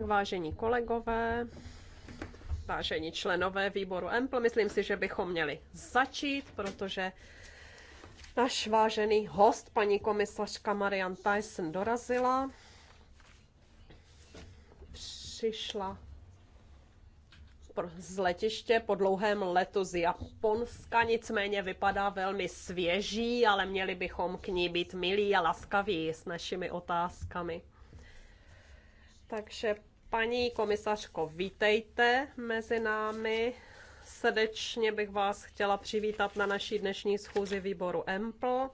Vážení kolegové, vážení členové výboru EMPL, myslím si, že bychom měli začít, protože náš vážený host, paní komisařka Marian Tyson, dorazila. Přišla z letiště po dlouhém letu z Japonska, nicméně vypadá velmi svěží, ale měli bychom k ní být milí a laskaví s našimi otázkami. Takže paní komisařko, vítejte mezi námi. Srdečně bych vás chtěla přivítat na naší dnešní schůzi výboru EMPL.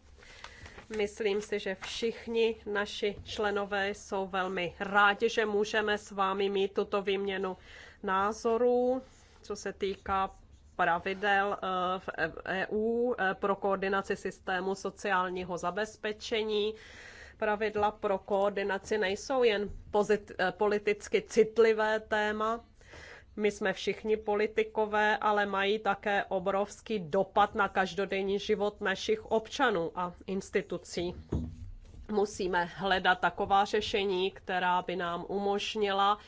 Myslím si, že všichni naši členové jsou velmi rádi, že můžeme s vámi mít tuto výměnu názorů, co se týká pravidel eh, v e- EU eh, pro koordinaci systému sociálního zabezpečení. Pravidla pro koordinaci nejsou jen eh, politicky citlivé téma, my jsme všichni politikové, ale mají také obrovský dopad na každodenní život našich občanů a institucí. Musíme hledat taková řešení, která by nám umožnila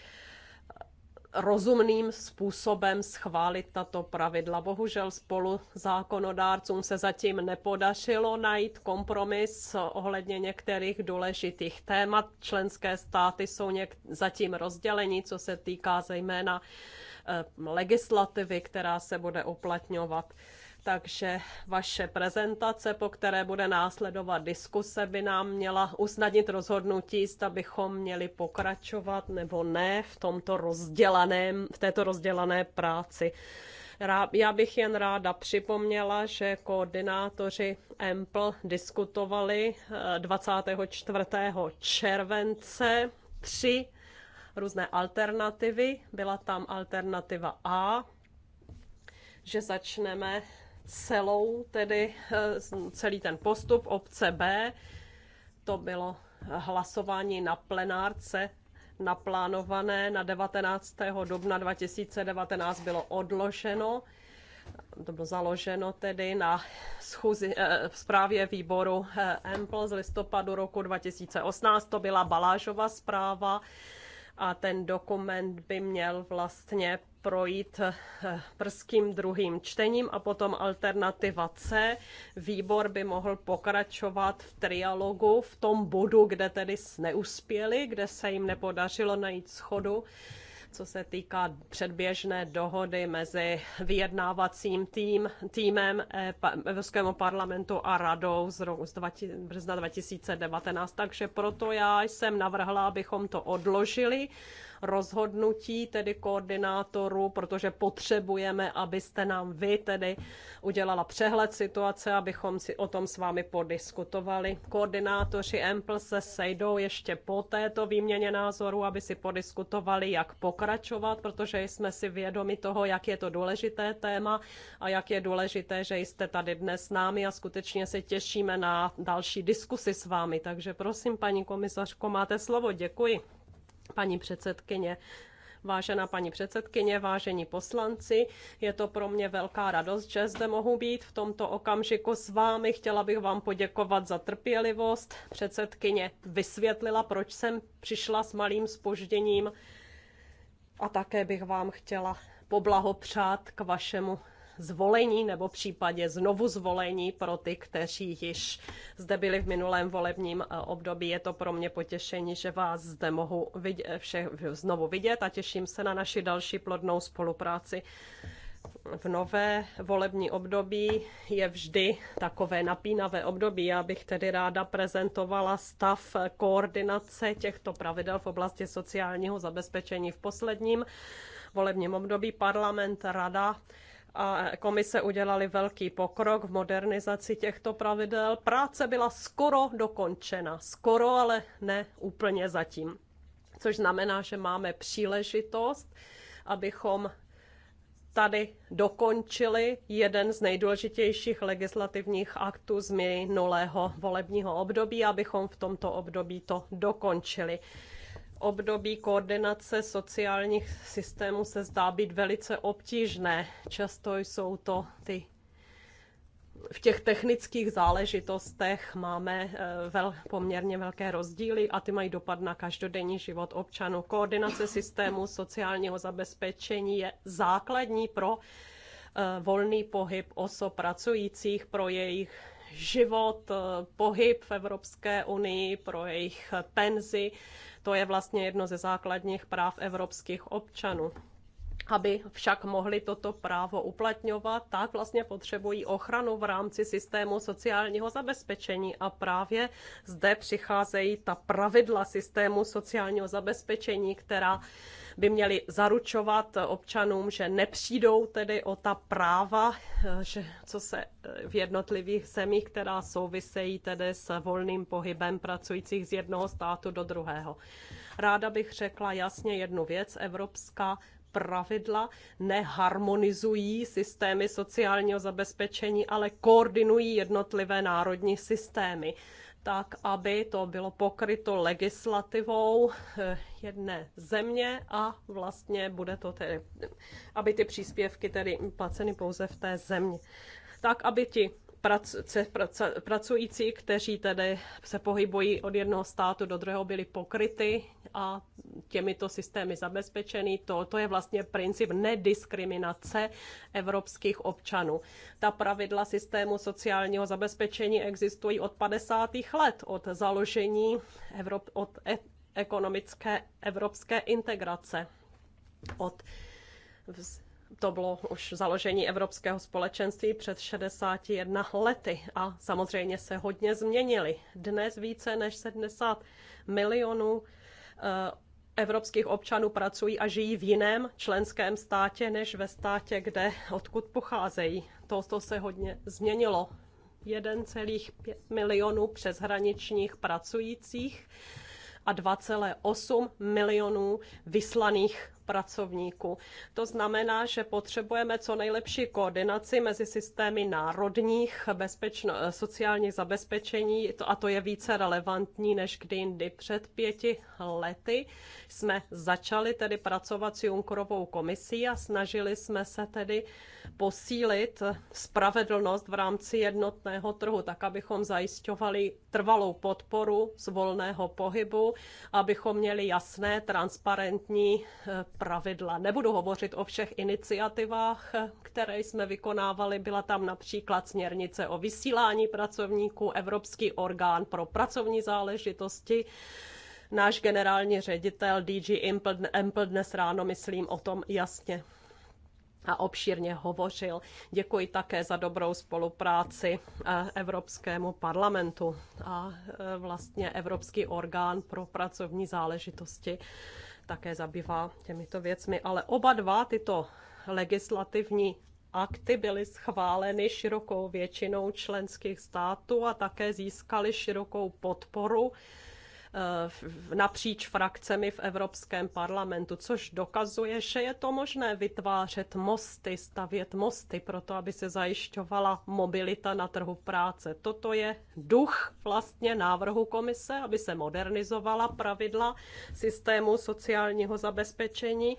rozumným způsobem schválit tato pravidla. Bohužel spolu zákonodárcům se zatím nepodařilo najít kompromis ohledně některých důležitých témat. Členské státy jsou něk- zatím rozdělení, co se týká zejména eh, legislativy, která se bude uplatňovat takže vaše prezentace, po které bude následovat diskuse, by nám měla usnadnit rozhodnutí, zda bychom měli pokračovat nebo ne v, tomto rozdělaném, v této rozdělané práci. Já bych jen ráda připomněla, že koordinátoři EMPL diskutovali 24. Eh, července tři různé alternativy. Byla tam alternativa A, že začneme celou tedy eh, celý ten postup obce B. To bylo hlasování na plenárce naplánované na 19. dubna 2019 bylo odloženo. To bylo založeno tedy na schůzi, eh, zprávě výboru eh, EMPL z listopadu roku 2018. To byla Balážova zpráva a ten dokument by měl vlastně projít prským eh, druhým čtením a potom alternativa C. Výbor by mohl pokračovat v trialogu v tom bodu, kde tedy neuspěli, kde se jim nepodařilo najít schodu co se týká předběžné dohody mezi vyjednávacím tým, týmem eh, Evropského parlamentu a radou z roku z března 2019. Takže proto já jsem navrhla, abychom to odložili rozhodnutí tedy koordinátorů, protože potřebujeme, abyste nám vy tedy udělala přehled situace, abychom si o tom s vámi podiskutovali. Koordinátoři EMPL se sejdou ještě po této výměně názoru, aby si podiskutovali, jak pokračovat, protože jsme si vědomi toho, jak je to důležité téma a jak je důležité, že jste tady dnes s námi a skutečně se těšíme na další diskusi s vámi. Takže prosím, paní komisařko, máte slovo. Děkuji. Paní předsedkyně, Vážená paní předsedkyně, vážení poslanci, je to pro mě velká radost, že zde mohu být v tomto okamžiku s vámi. Chtěla bych vám poděkovat za trpělivost. Předsedkyně vysvětlila, proč jsem přišla s malým spožděním a také bych vám chtěla poblahopřát k vašemu zvolení nebo případně znovu zvolení pro ty, kteří již zde byli v minulém volebním eh, období. Je to pro mě potěšení, že vás zde mohu vidět, vše, znovu vidět a těším se na naši další plodnou spolupráci v nové volební období je vždy takové napínavé období. Já bych tedy ráda prezentovala stav koordinace těchto pravidel v oblasti sociálního zabezpečení v posledním volebním období parlament, rada a komise udělali velký pokrok v modernizaci těchto pravidel. Práce byla skoro dokončena, skoro, ale ne úplně zatím. Což znamená, že máme příležitost, abychom tady dokončili jeden z nejdůležitějších legislativních aktů změny nulého volebního období, abychom v tomto období to dokončili. Období koordinace sociálních systémů se zdá být velice obtížné. Často jsou to ty v těch technických záležitostech máme eh, vel, poměrně velké rozdíly a ty mají dopad na každodenní život občanů. Koordinace systému sociálního zabezpečení je základní pro eh, volný pohyb osob pracujících, pro jejich život, eh, pohyb v Evropské unii, pro jejich penzi. To je vlastně jedno ze základních práv evropských občanů aby však mohli toto právo uplatňovat, tak vlastně potřebují ochranu v rámci systému sociálního zabezpečení. A právě zde přicházejí ta pravidla systému sociálního zabezpečení, která by měly zaručovat občanům, že nepřijdou tedy o ta práva, že co se v jednotlivých zemích, která souvisejí tedy s volným pohybem pracujících z jednoho státu do druhého. Ráda bych řekla jasně jednu věc. Evropská pravidla neharmonizují systémy sociálního zabezpečení, ale koordinují jednotlivé národní systémy tak, aby to bylo pokryto legislativou eh, jedné země a vlastně bude to tedy, aby ty příspěvky tedy placeny pouze v té zemi. Tak, aby ti pracující, kteří tedy se pohybují od jednoho státu do druhého, byli pokryty a těmito systémy zabezpečený. To, to je vlastně princip nediskriminace evropských občanů. Ta pravidla systému sociálního zabezpečení existují od 50. let, od založení Evrop, od e- ekonomické evropské integrace, od to bylo už založení Evropského společenství před 61 lety a samozřejmě se hodně změnili. Dnes více než 70 milionů eh, evropských občanů pracují a žijí v jiném členském státě než ve státě, kde odkud pocházejí. To, to se hodně změnilo. 1,5 milionů přeshraničních pracujících a 2,8 milionů vyslaných pracovníků. To znamená, že potřebujeme co nejlepší koordinaci mezi systémy národních bezpečno- sociálních zabezpečení a to je více relevantní než kdy jindy. Před pěti lety jsme začali tedy pracovat s Junkerovou komisí a snažili jsme se tedy posílit spravedlnost v rámci jednotného trhu, tak abychom zajišťovali trvalou podporu z volného pohybu, abychom měli jasné, transparentní eh, pravidla. Nebudu hovořit o všech iniciativách, které jsme vykonávali. Byla tam například směrnice o vysílání pracovníků, Evropský orgán pro pracovní záležitosti. Náš generální ředitel DG Ample dnes ráno, myslím, o tom jasně a obšírně hovořil. Děkuji také za dobrou spolupráci eh, Evropskému parlamentu a eh, vlastně Evropský orgán pro pracovní záležitosti také zabývá těmito věcmi, ale oba dva tyto legislativní akty byly schváleny širokou většinou členských států a také získaly širokou podporu Eh, napříč frakcemi v Evropském parlamentu, což dokazuje, že je to možné vytvářet mosty, stavět mosty pro to, aby se zajišťovala mobilita na trhu práce. Toto je duch vlastně návrhu komise, aby se modernizovala pravidla systému sociálního zabezpečení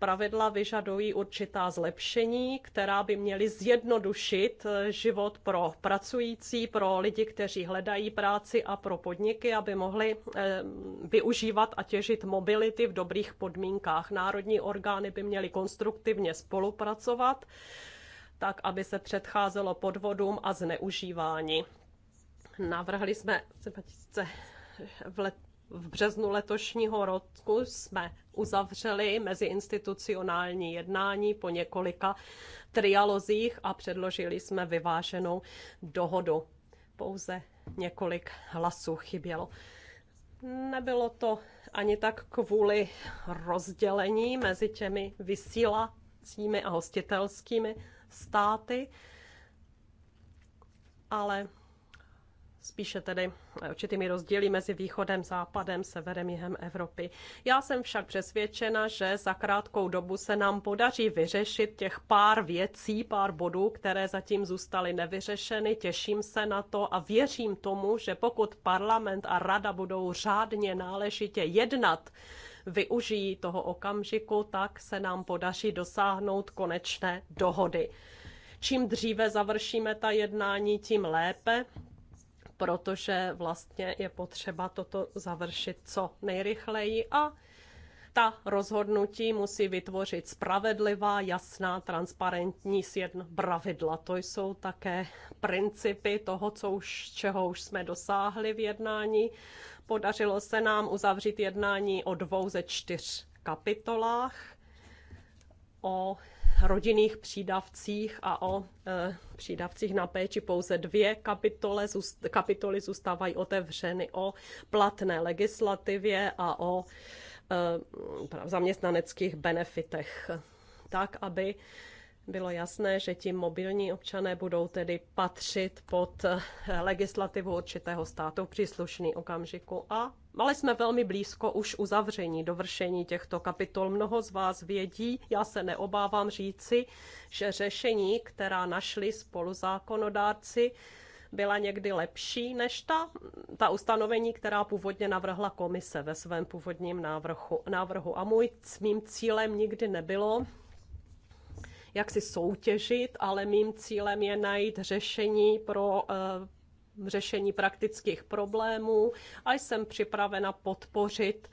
pravidla vyžadují určitá zlepšení, která by měly zjednodušit eh, život pro pracující, pro lidi, kteří hledají práci a pro podniky, aby mohli eh, využívat a těžit mobility v dobrých podmínkách. Národní orgány by měly konstruktivně spolupracovat tak, aby se předcházelo podvodům a zneužívání. Navrhli jsme v let v březnu letošního roku jsme uzavřeli meziinstitucionální jednání po několika trialozích a předložili jsme vyváženou dohodu. Pouze několik hlasů chybělo. Nebylo to ani tak kvůli rozdělení mezi těmi vysílacími a hostitelskými státy, ale spíše tedy eh, určitými rozdíly mezi východem, západem, severem, jihem Evropy. Já jsem však přesvědčena, že za krátkou dobu se nám podaří vyřešit těch pár věcí, pár bodů, které zatím zůstaly nevyřešeny. Těším se na to a věřím tomu, že pokud parlament a rada budou řádně náležitě jednat, využijí toho okamžiku, tak se nám podaří dosáhnout konečné dohody. Čím dříve završíme ta jednání, tím lépe protože vlastně je potřeba toto završit co nejrychleji a ta rozhodnutí musí vytvořit spravedlivá, jasná, transparentní sjedn pravidla. To jsou také principy toho, co už, čeho už jsme dosáhli v jednání. Podařilo se nám uzavřít jednání o dvou ze čtyř kapitolách o rodinných přídavcích a o e, přídavcích na péči pouze dvě kapitole, zůst, kapitoly zůstávají otevřeny o platné legislativě a o e, zaměstnaneckých benefitech, tak aby bylo jasné, že ti mobilní občané budou tedy patřit pod e, legislativu určitého státu v příslušný okamžiku a ale jsme velmi blízko už uzavření, dovršení těchto kapitol. Mnoho z vás vědí, já se neobávám říci, že řešení, která našli spoluzákonodárci, byla někdy lepší než ta, ta ustanovení, která původně navrhla komise ve svém původním návrhu. návrhu. A můj, mým cílem nikdy nebylo jak si soutěžit, ale mým cílem je najít řešení pro eh, řešení praktických problémů a jsem připravena podpořit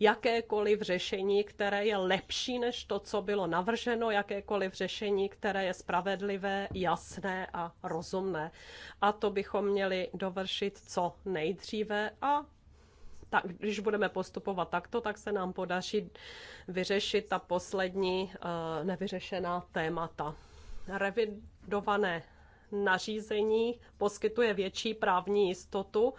jakékoliv řešení, které je lepší než to, co bylo navrženo, jakékoliv řešení, které je spravedlivé, jasné a rozumné. A to bychom měli dovršit co nejdříve a tak, když budeme postupovat takto, tak se nám podaří vyřešit ta poslední eh, nevyřešená témata. Revidované nařízení poskytuje větší právní jistotu,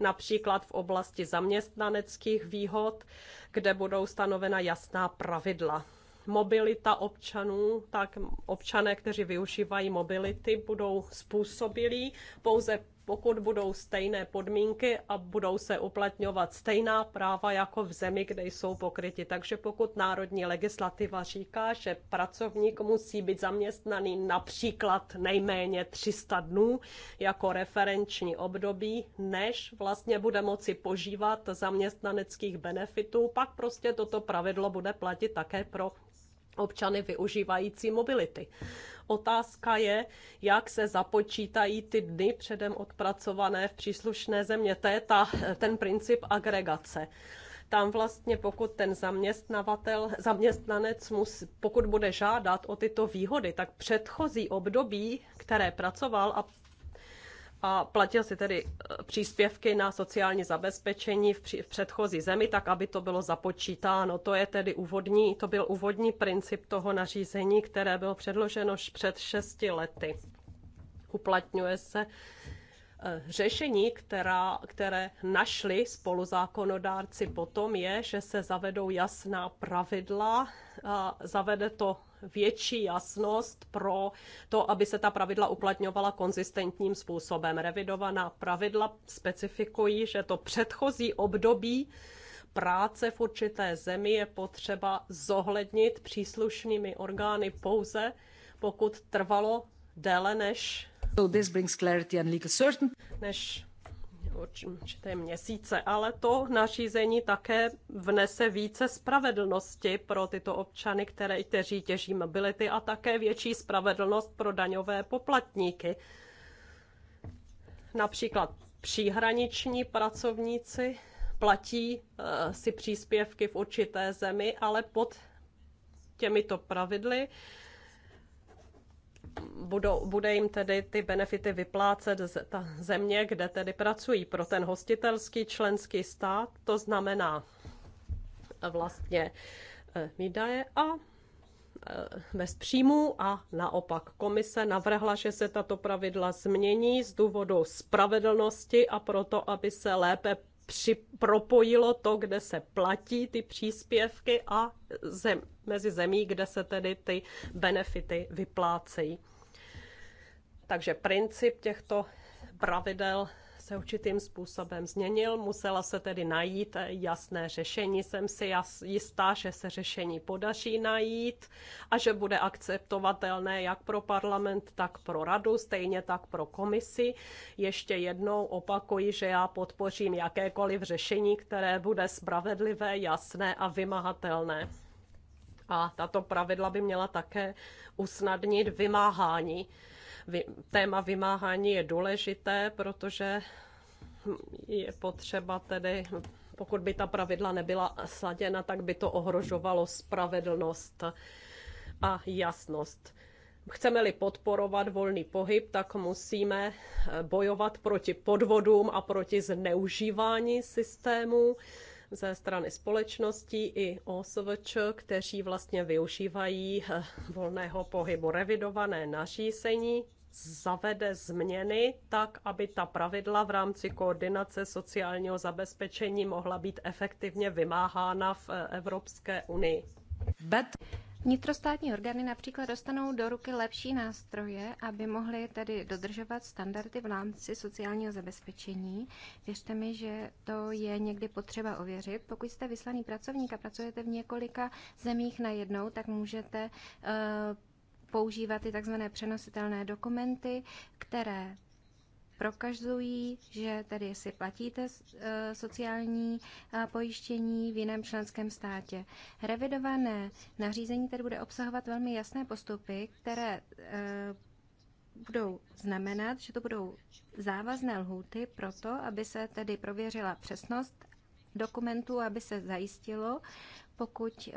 například v oblasti zaměstnaneckých výhod, kde budou stanovena jasná pravidla. Mobilita občanů, tak občané, kteří využívají mobility, budou způsobilí pouze pokud budou stejné podmínky a budou se uplatňovat stejná práva jako v zemi, kde jsou pokryti. Takže pokud národní legislativa říká, že pracovník musí být zaměstnaný například nejméně 300 dnů jako referenční období, než vlastně bude moci požívat zaměstnaneckých benefitů, pak prostě toto pravidlo bude platit také pro občany využívající mobility. Otázka je, jak se započítají ty dny předem odpracované v příslušné země. To je ta, ten princip agregace tam vlastně pokud ten zaměstnavatel, zaměstnanec, mus, pokud bude žádat o tyto výhody, tak předchozí období, které pracoval a a platil si tedy eh, příspěvky na sociální zabezpečení v, při, v předchozí zemi, tak aby to bylo započítáno. To je tedy úvodní, to byl úvodní princip toho nařízení, které bylo předloženo před šesti lety. Uplatňuje se eh, Řešení, která, které našli spoluzákonodárci potom, je, že se zavedou jasná pravidla, zavede to větší jasnost pro to, aby se ta pravidla uplatňovala konzistentním způsobem. Revidovaná pravidla specifikují, že to předchozí období práce v určité zemi je potřeba zohlednit příslušnými orgány pouze, pokud trvalo déle než, so this brings clarity and legal certainty. než určité měsíce, ale to nařízení také vnese více spravedlnosti pro tyto občany, které, kteří těží mobility a také větší spravedlnost pro daňové poplatníky. Například příhraniční pracovníci platí eh, si příspěvky v určité zemi, ale pod těmito pravidly budou, bude jim tedy ty benefity vyplácet z, ta země, kde tedy pracují pro ten hostitelský členský stát. To znamená vlastně eh, výdaje a eh, bez příjmů a naopak. Komise navrhla, že se tato pravidla změní z důvodu spravedlnosti a proto, aby se lépe propojilo to, kde se platí ty příspěvky a zem, mezi zemí, kde se tedy ty benefity vyplácejí. Takže princip těchto pravidel se určitým způsobem změnil, musela se tedy najít jasné řešení. Jsem si jistá, že se řešení podaří najít a že bude akceptovatelné jak pro parlament, tak pro radu, stejně tak pro komisi. Ještě jednou opakuji, že já podpořím jakékoliv řešení, které bude spravedlivé, jasné a vymahatelné. A tato pravidla by měla také usnadnit vymáhání téma vymáhání je důležité, protože je potřeba tedy, pokud by ta pravidla nebyla sladěna, tak by to ohrožovalo spravedlnost a jasnost. Chceme-li podporovat volný pohyb, tak musíme eh, bojovat proti podvodům a proti zneužívání systému ze strany společností i OSVČ, kteří vlastně využívají eh, volného pohybu revidované nařízení zavede změny tak, aby ta pravidla v rámci koordinace sociálního zabezpečení mohla být efektivně vymáhána v eh, Evropské unii. Bet. Vnitrostátní orgány například dostanou do ruky lepší nástroje, aby mohly tedy dodržovat standardy v rámci sociálního zabezpečení. Věřte mi, že to je někdy potřeba ověřit. Pokud jste vyslaný pracovník a pracujete v několika zemích najednou, tak můžete uh, používat ty tzv. přenositelné dokumenty, které prokazují, že tady si platíte eh, sociální eh, pojištění v jiném členském státě. Revidované nařízení tedy bude obsahovat velmi jasné postupy, které eh, budou znamenat, že to budou závazné lhuty pro to, aby se tedy prověřila přesnost dokumentů, aby se zajistilo, pokud eh,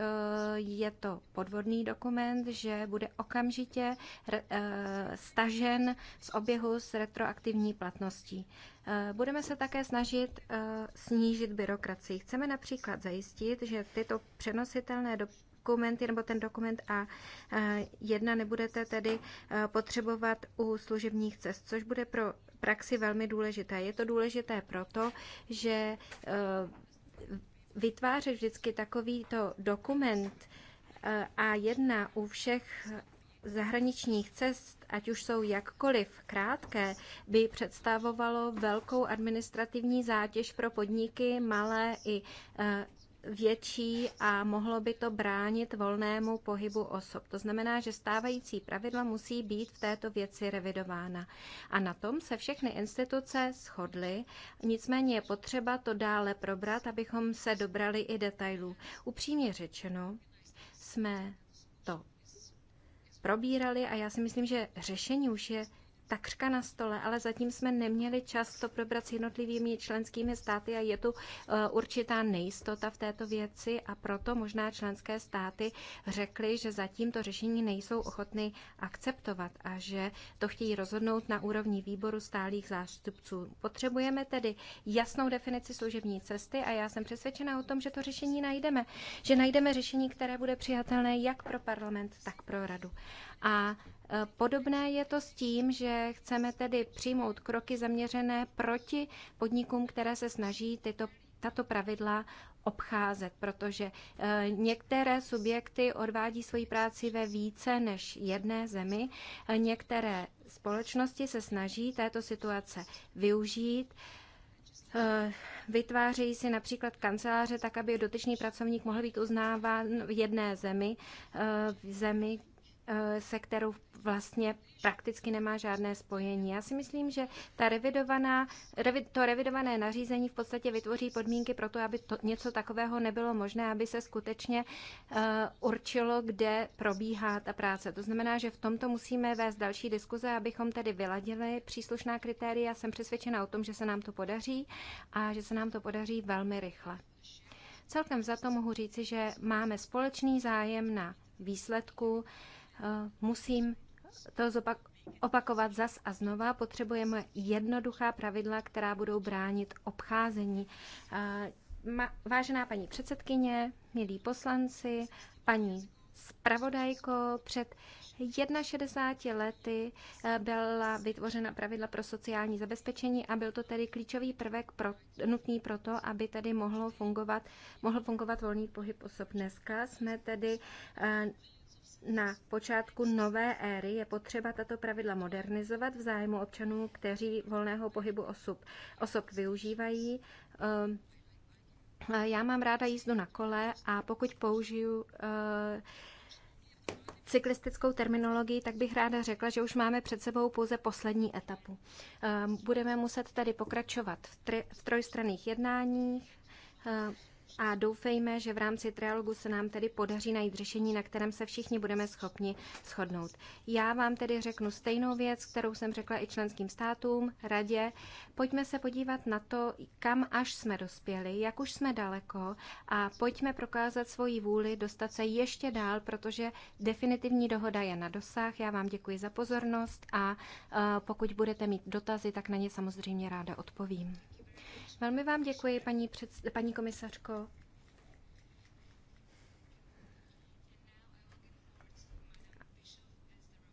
je to podvodný dokument, že bude okamžitě eh, stažen z oběhu s retroaktivní platností. Eh, budeme se také snažit snížit byrokracii. Chceme například zajistit, že tyto přenositelné dokumenty nebo ten dokument A1 nebudete tedy potřebovat u služebních cest, což bude pro praxi velmi důležité. Je to důležité proto, že vytvářet vždycky takovýto dokument eh, A1 u všech zahraničních cest, ať už jsou jakkoliv krátké, by představovalo velkou administrativní zátěž pro podniky malé i eh, větší a mohlo by to bránit volnému pohybu osob. To znamená, že stávající pravidla musí být v této věci revidována. A na tom se všechny instituce shodly, nicméně je potřeba to dále probrat, abychom se dobrali i detailů. Upřímně řečeno, jsme to probírali a já si myslím, že řešení už je takřka na stole, ale zatím jsme neměli čas to probrat s jednotlivými členskými státy a je tu eh, určitá nejistota v této věci a proto možná členské státy řekly, že zatím to řešení nejsou ochotny akceptovat a že to chtějí rozhodnout na úrovni výboru stálých zástupců. Potřebujeme tedy jasnou definici služební cesty a já jsem přesvědčena o tom, že to řešení najdeme. Že najdeme řešení, které bude přijatelné jak pro parlament, tak pro radu. A Podobné je to s tím, že chceme tedy přijmout kroky zaměřené proti podnikům, které se snaží tyto, tato pravidla obcházet, protože eh, některé subjekty odvádí svoji práci ve více než jedné zemi, některé společnosti se snaží této situace využít. Eh, vytvářejí si například kanceláře tak, aby dotyčný pracovník mohl být uznáván v jedné zemi, eh, v zemi, Eh, se kterou vlastně prakticky nemá žádné spojení. Já si myslím, že ta revidovaná, revi, to revidované nařízení v podstatě vytvoří podmínky pro to, aby to, něco takového nebylo možné, aby se skutečně uh, určilo, kde probíhá ta práce. To znamená, že v tomto musíme vést další diskuze, abychom tedy vyladili příslušná kritéria. Jsem přesvědčena o tom, že se nám to podaří a že se nám to podaří velmi rychle. Celkem za to mohu říci, že máme společný zájem na výsledku. Uh, musím to zopak, opakovat zas a znova. Potřebujeme jednoduchá pravidla, která budou bránit obcházení. Vážená paní předsedkyně, milí poslanci, paní spravodajko. Před 61 lety eh, byla vytvořena pravidla pro sociální zabezpečení a byl to tedy klíčový prvek pro, nutný pro to, aby tedy mohlo fungovat, mohl fungovat volný pohyb osob. Dneska jsme tedy eh, na počátku nové éry je potřeba tato pravidla modernizovat v zájmu občanů, kteří volného pohybu osob, osob využívají. Ehm, já mám ráda jízdu na kole a pokud použiju eh, cyklistickou terminologii, tak bych ráda řekla, že už máme před sebou pouze poslední etapu. Ehm, budeme muset tady pokračovat v, tri, v trojstranných jednáních, ehm, a doufejme, že v rámci trialogu se nám tedy podaří najít řešení, na kterém se všichni budeme schopni shodnout. Já vám tedy řeknu stejnou věc, kterou jsem řekla i členským státům, radě. Pojďme se podívat na to, kam až jsme dospěli, jak už jsme daleko a pojďme prokázat svoji vůli dostat se ještě dál, protože definitivní dohoda je na dosah. Já vám děkuji za pozornost a eh, pokud budete mít dotazy, tak na ně samozřejmě ráda odpovím. Velmi vám děkuji, paní, před, paní komisařko.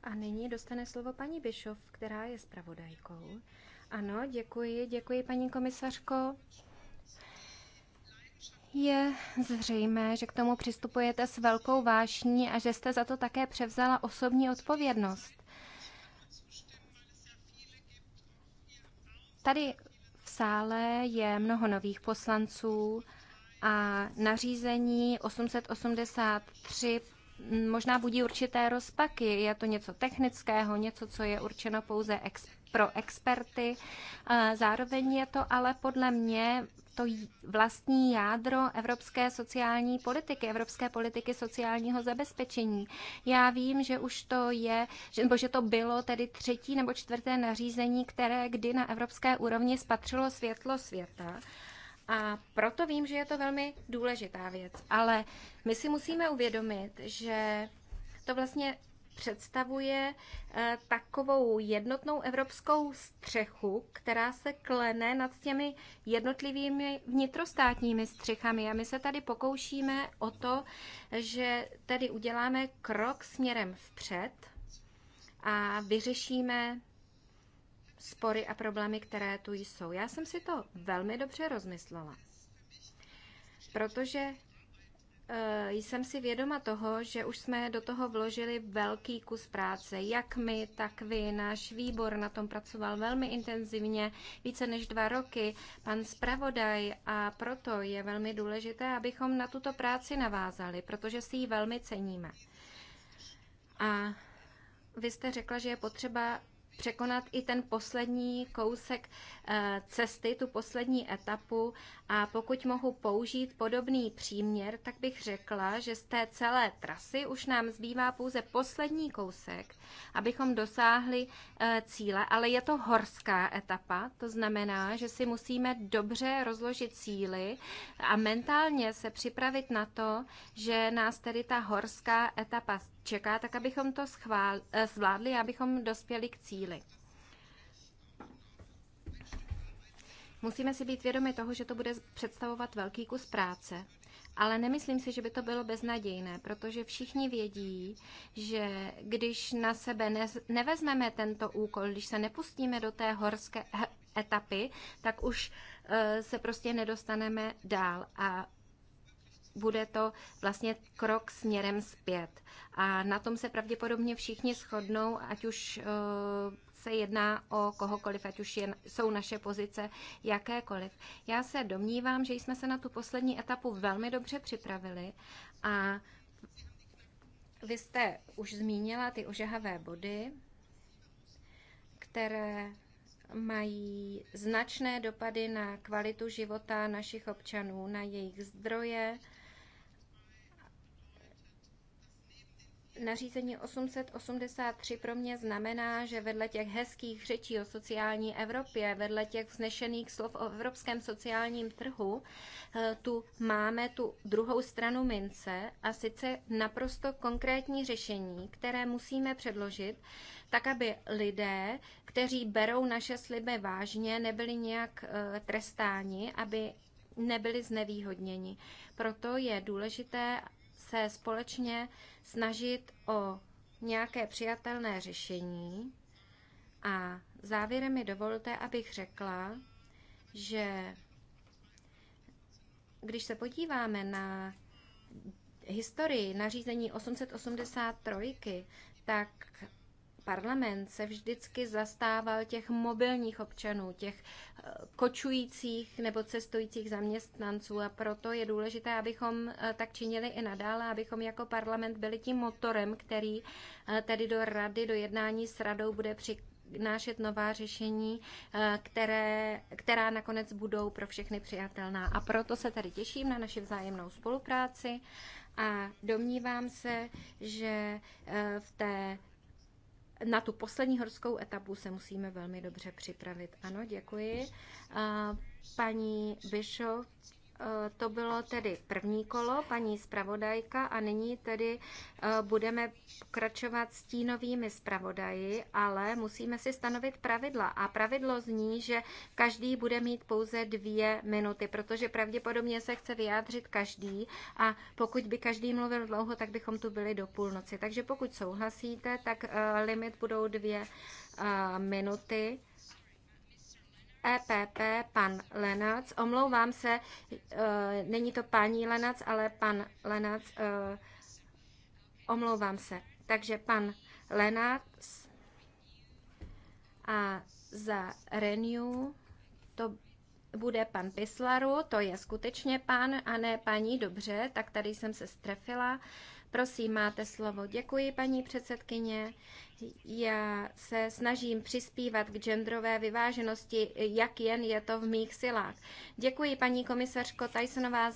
A nyní dostane slovo paní Bischoff, která je zpravodajkou. Ano, děkuji, děkuji, paní komisařko. Je zřejmé, že k tomu přistupujete s velkou vášní a že jste za to také převzala osobní odpovědnost. Tady sále je mnoho nových poslanců a nařízení 883 možná budí určité rozpaky. Je to něco technického, něco, co je určeno pouze ex- pro experty. Zároveň je to ale podle mě to vlastní jádro evropské sociální politiky, evropské politiky sociálního zabezpečení. Já vím, že už to je, že, nebo že to bylo tedy třetí nebo čtvrté nařízení, které kdy na evropské úrovni spatřilo světlo světa. A proto vím, že je to velmi důležitá věc. Ale my si musíme uvědomit, že to vlastně představuje eh, takovou jednotnou evropskou střechu, která se klene nad těmi jednotlivými vnitrostátními střechami. A my se tady pokoušíme o to, že tady uděláme krok směrem vpřed a vyřešíme spory a problémy, které tu jsou. Já jsem si to velmi dobře rozmyslela, protože Eh, jsem si vědoma toho, že už jsme do toho vložili velký kus práce. Jak my, tak vy. Náš výbor na tom pracoval velmi intenzivně, více než dva roky, pan zpravodaj a proto je velmi důležité, abychom na tuto práci navázali, protože si ji velmi ceníme. A vy jste řekla, že je potřeba překonat i ten poslední kousek eh, cesty, tu poslední etapu. A pokud mohu použít podobný příměr, tak bych řekla, že z té celé trasy už nám zbývá pouze poslední kousek, abychom dosáhli eh, cíle, ale je to horská etapa, to znamená, že si musíme dobře rozložit cíly a mentálně se připravit na to, že nás tedy ta horská etapa čeká, tak abychom to schvál, eh, zvládli a abychom dospěli k cíli. Musíme si být vědomi toho, že to bude představovat velký kus práce, ale nemyslím si, že by to bylo beznadějné, protože všichni vědí, že když na sebe ne, nevezmeme tento úkol, když se nepustíme do té horské etapy, tak už eh, se prostě nedostaneme dál. A bude to vlastně krok směrem zpět. A na tom se pravděpodobně všichni shodnou, ať už eh, se jedná o kohokoliv, ať už je, jsou naše pozice jakékoliv. Já se domnívám, že jsme se na tu poslední etapu velmi dobře připravili a vy jste už zmínila ty ožahavé body, které mají značné dopady na kvalitu života našich občanů, na jejich zdroje, nařízení 883 pro mě znamená, že vedle těch hezkých řečí o sociální Evropě, vedle těch vznešených slov o evropském sociálním trhu, eh, tu máme tu druhou stranu mince a sice naprosto konkrétní řešení, které musíme předložit, tak aby lidé, kteří berou naše sliby vážně, nebyli nějak eh, trestáni, aby nebyli znevýhodněni. Proto je důležité, se společně snažit o nějaké přijatelné řešení. A závěrem mi dovolte, abych řekla, že když se podíváme na historii nařízení 883, tak parlament se vždycky zastával těch mobilních občanů, těch eh, kočujících nebo cestujících zaměstnanců a proto je důležité, abychom eh, tak činili i nadále, abychom jako parlament byli tím motorem, který eh, tedy do rady, do jednání s radou bude při nášet nová řešení, které, která nakonec budou pro všechny přijatelná. A proto se tady těším na naši vzájemnou spolupráci a domnívám se, že v na tu poslední horskou etapu se musíme velmi dobře připravit. Ano, děkuji. Paní Bischoff, Eh, to bylo tedy první kolo, paní zpravodajka, a nyní tedy eh, budeme pokračovat stínovými zpravodaji, ale musíme si stanovit pravidla. A pravidlo zní, že každý bude mít pouze dvě minuty, protože pravděpodobně se chce vyjádřit každý a pokud by každý mluvil dlouho, tak bychom tu byli do půlnoci. Takže pokud souhlasíte, tak eh, limit budou dvě minuty. EPP pan Lenac. Omlouvám se, e, není to paní Lenac, ale pan Lenac. E, omlouvám se. Takže pan Lenac a za Renew to bude pan Pislaru, to je skutečně pan a ne paní, dobře, tak tady jsem se strefila. Prosím, máte slovo. Děkuji, paní předsedkyně. Já se snažím přispívat k genderové vyváženosti, jak jen je to v mých silách. Děkuji, paní komisařko Tysonová,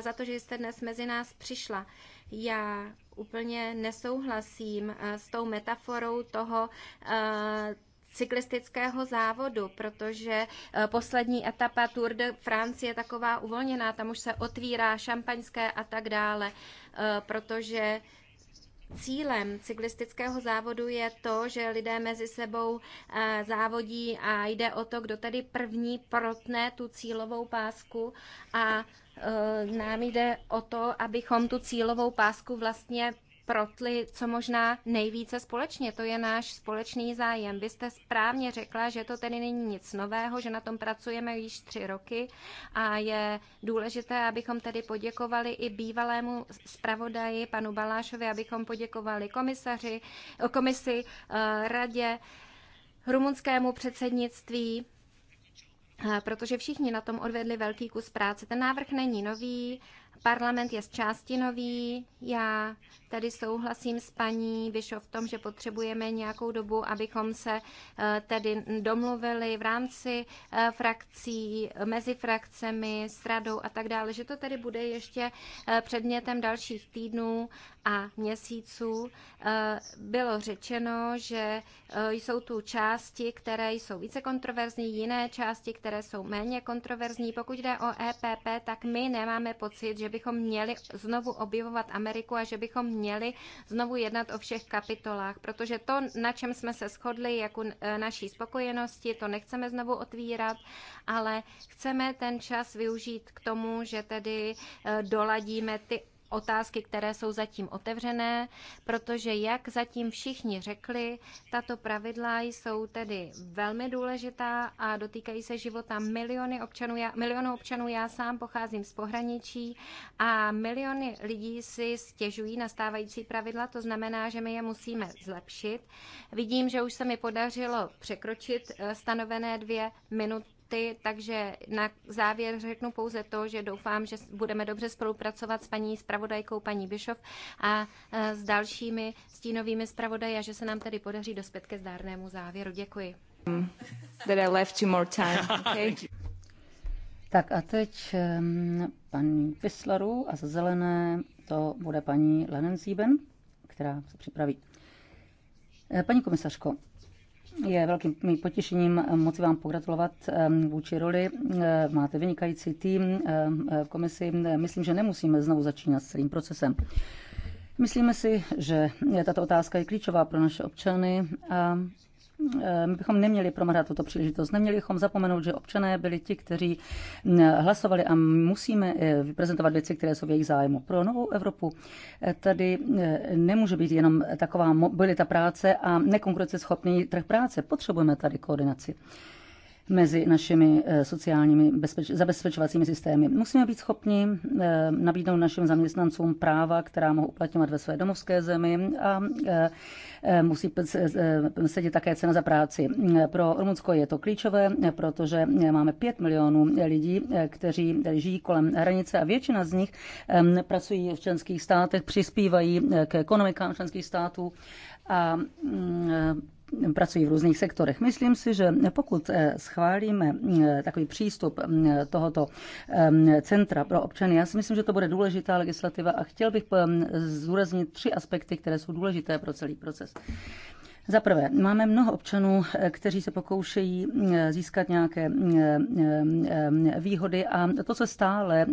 za to, že jste dnes mezi nás přišla. Já úplně nesouhlasím eh, s tou metaforou toho, eh, cyklistického závodu, protože eh, poslední etapa Tour de France je taková uvolněná, tam už se otvírá šampaňské a tak dále. Eh, protože cílem cyklistického závodu je to, že lidé mezi sebou eh, závodí a jde o to, kdo tady první protne tu cílovou pásku a eh, nám jde o to, abychom tu cílovou pásku vlastně protli co možná nejvíce společně. To je náš společný zájem. Vy jste správně řekla, že to tedy není nic nového, že na tom pracujeme již tři roky a je důležité, abychom tedy poděkovali i bývalému zpravodaji panu Balášovi, abychom poděkovali komisaři, komisi, eh, radě, rumunskému předsednictví, eh, protože všichni na tom odvedli velký kus práce. Ten návrh není nový, Parlament je z části nový. Já tady souhlasím s paní Vyšov v tom, že potřebujeme nějakou dobu, abychom se eh, tedy domluvili v rámci eh, frakcí, mezi frakcemi, s radou a tak dále, že to tedy bude ještě eh, předmětem dalších týdnů a měsíců eh, bylo řečeno, že eh, jsou tu části, které jsou více kontroverzní, jiné části, které jsou méně kontroverzní. Pokud jde o EPP, tak my nemáme pocit, že bychom měli znovu objevovat Ameriku a že bychom měli znovu jednat o všech kapitolách, protože to, na čem jsme se shodli, jako naší spokojenosti, to nechceme znovu otvírat, ale chceme ten čas využít k tomu, že tedy doladíme ty otázky, které jsou zatím otevřené, protože, jak zatím všichni řekli, tato pravidla jsou tedy velmi důležitá a dotýkají se života miliony občanů. Já, milionů občanů. Já sám pocházím z pohraničí a miliony lidí si stěžují na stávající pravidla, to znamená, že my je musíme zlepšit. Vidím, že už se mi podařilo překročit eh, stanovené dvě minuty minuty, takže na závěr řeknu pouze to, že doufám, že budeme dobře spolupracovat s paní spravodajkou paní Bišov a e, s dalšími stínovými zpravodaji a že se nám tedy podaří dospět ke zdárnému závěru. Děkuji. Mm, that I left you more time. Okay. tak a teď paní Vyslaru a za zelené to bude paní Sieben, která se připraví. E, paní komisařko, je velkým potěšením eh, moci vám pogratulovat eh, vůči roli. Eh, máte vynikající tým v komisi. Myslím, že nemusíme znovu začínat s celým procesem. Myslíme si, že tato otázka je klíčová pro naše občany a Eh, bychom neměli promrhat tuto příležitost. Neměli bychom zapomenout, že občané byli ti, kteří mm, hlasovali a musíme eh, vyprezentovat věci, které jsou v jejich zájmu. Pro novou Evropu eh, tady nemůže být jenom taková mobilita práce a nekonkurenceschopný trh práce. Potřebujeme tady koordinaci mezi našimi eh, sociálními bezpeč- zabezpečovacími systémy. Musíme být schopni eh, nabídnout našim zaměstnancům práva, která mohou uplatňovat ve své domovské zemi a eh, musí sedět také cena za práci. Pro Rumunsko je to klíčové, protože máme 5 milionů lidí, kteří žijí kolem hranice a většina z nich ehm, pracují v členských státech, přispívají k ekonomikám členských států a mm, pracují v různých sektorech. Myslím si, že pokud eh, schválíme eh, takový přístup mm, tohoto mm, centra pro občany, já si myslím, že to bude důležitá legislativa a chtěl bych mm, zúraznit tři aspekty, které jsou důležité pro celý proces. Za prvé, máme mnoho občanů, eh, kteří se pokoušejí eh, získat nějaké eh, výhody a to se stále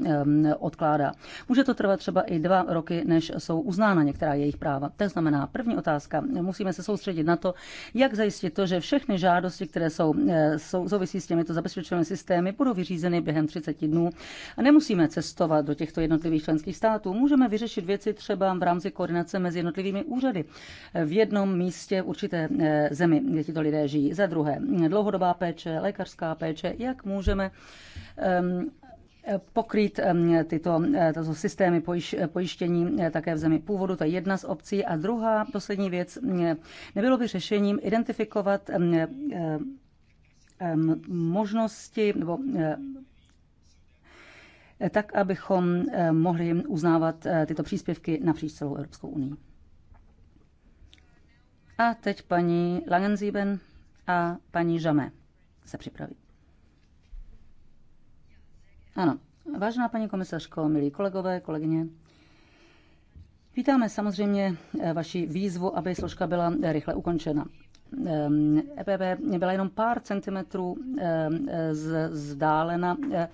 odkládá. Může to trvat třeba i dva roky, než jsou uznána některá jejich práva. To znamená, první otázka, musíme se soustředit na to, jak zajistit to, že všechny žádosti, které jsou, jsou souvisí s těmito zabezpečenými systémy, budou vyřízeny během 30 dnů a nemusíme cestovat do těchto jednotlivých členských států. Můžeme vyřešit věci třeba v rámci koordinace mezi jednotlivými úřady v jednom místě určitě určité eh, zemi, kde tito lidé žijí. Za druhé, dlouhodobá péče, lékařská péče, jak můžeme ehm, pokrýt ehm, tyto, eh, tyto systémy pojištění eh, také v zemi původu. To je jedna z obcí. A druhá, poslední věc, nebylo by řešením identifikovat ehm, možnosti nebo tak, abychom mohli uznávat tyto příspěvky napříč celou Evropskou unii. A teď paní Langensieben a paní Jamé se připraví. Ano, vážená paní komisařko, milí kolegové, kolegyně, vítáme samozřejmě eh, vaši výzvu, aby složka byla eh, rychle ukončena. EPB ehm, e byla jenom pár centimetrů ehm, vzdálena. E,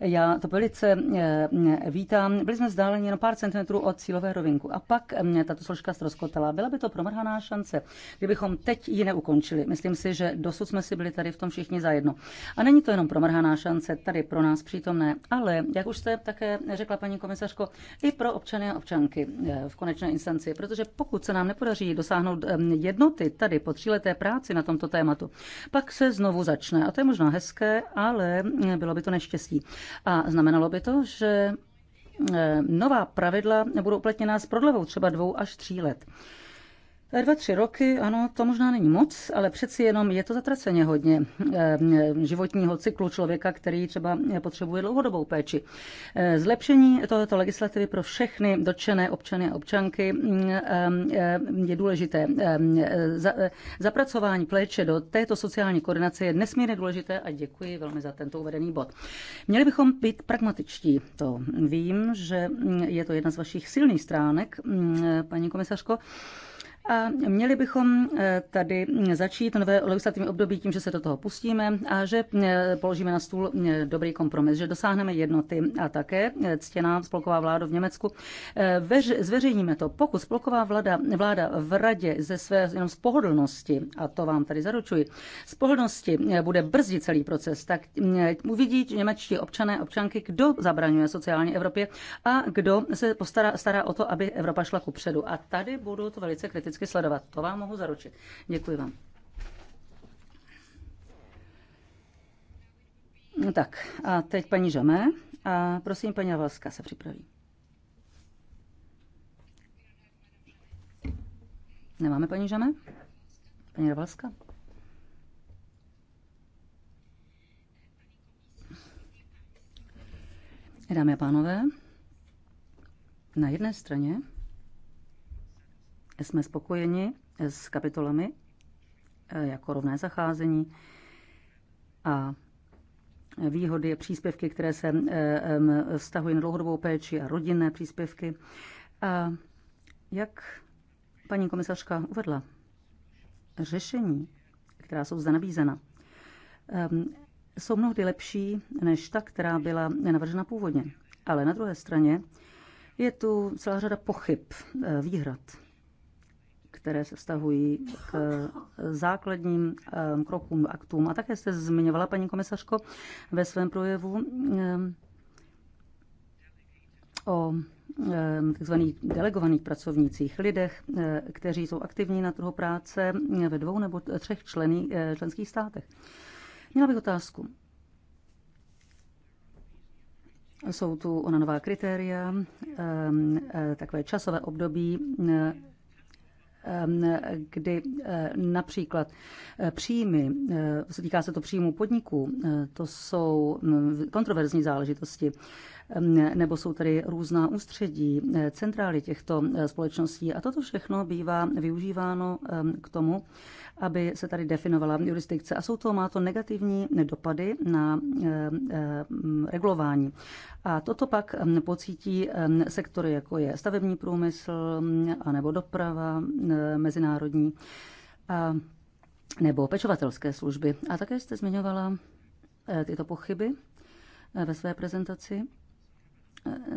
já to velice e, vítám. Byli jsme vzdáleni jenom pár centimetrů od cílové rovinku. A pak mě ehm, tato složka ztroskotala. Byla by to promrhaná šance, kdybychom teď ji neukončili. Myslím si, že dosud jsme si byli tady v tom všichni zajedno. A není to jenom promrhaná šance tady pro nás přítomné, ale, jak už jste také řekla, paní komisařko, i pro občany a občanky v konečné instanci. Protože pokud se nám nepodaří dosáhnout jednoty tady po tříletí, té práci na tomto tématu. Pak se znovu začne. A to je možná hezké, ale bylo by to neštěstí. A znamenalo by to, že eh, nová pravidla budou uplatněná s prodlevou třeba dvou až tří let. Dva, tři roky, ano, to možná není moc, ale přeci jenom je to zatraceně hodně eh, životního cyklu člověka, který třeba potřebuje dlouhodobou péči. Eh, zlepšení tohoto legislativy pro všechny dotčené občany a občanky mm, eh, je důležité. Zapracování pléče do této sociální koordinace je nesmírně důležité a děkuji velmi za tento uvedený bod. Měli bychom být pragmatičtí. To vím, že mm, je to jedna z vašich silných stránek, mm, paní komisařko. A měli bychom eh, tady začít nové legislativní období tím, že se do toho pustíme a že eh, položíme na stůl eh, dobrý kompromis, že dosáhneme jednoty a také ctěná spolková vláda v Německu. Veř, zveřejníme to, pokud spolková vláda, vláda v radě ze své jenom z pohodlnosti, a to vám tady zaručuji, z pohodlnosti bude brzdit celý proces, tak uvidí němečtí občané občanky, kdo zabraňuje sociální Evropě a kdo se postará stará o to, aby Evropa šla kupředu. A tady budu to velice kritické kriticky sledovat. To vám mohu zaručit. Děkuji vám. No tak, a teď paní Žamé. A prosím, paní Valska se připraví. Nemáme paní Žamé? Paní Ravalska? Dámy a pánové, na jedné straně jsme spokojeni s kapitolami eh, jako rovné zacházení a výhody, příspěvky, které se eh, vztahují na dlouhodobou péči a rodinné příspěvky. A jak paní komisařka uvedla, řešení, která jsou zde nabízena, jsou mnohdy lepší než ta, která byla navržena původně. Ale na druhé straně je tu celá řada pochyb, eh, výhrad které se vztahují k eh, základním eh, krokům, aktům. A také jste zmiňovala, paní komisařko, ve svém projevu eh, o tzv. delegovaných pracovnících, lidech, kteří jsou aktivní na trhu práce ve dvou nebo třech členy, členských státech. Měla bych otázku. Jsou tu ona nová kritéria, takové časové období, Ehm, kdy eh, například eh, příjmy, eh, týká se to příjmu podniků, to jsou hm, kontroverzní záležitosti nebo jsou tady různá ústředí, eh, centrály těchto eh, společností. A toto všechno bývá využíváno k tomu, aby se tady definovala jurisdikce. A jsou to, má to negativní dopady na eh, regulování. A toto pak pocítí sektory, jako je stavební průmysl, anebo doprava mezinárodní, a, nebo pečovatelské služby. A také jste zmiňovala tyto pochyby ve své prezentaci.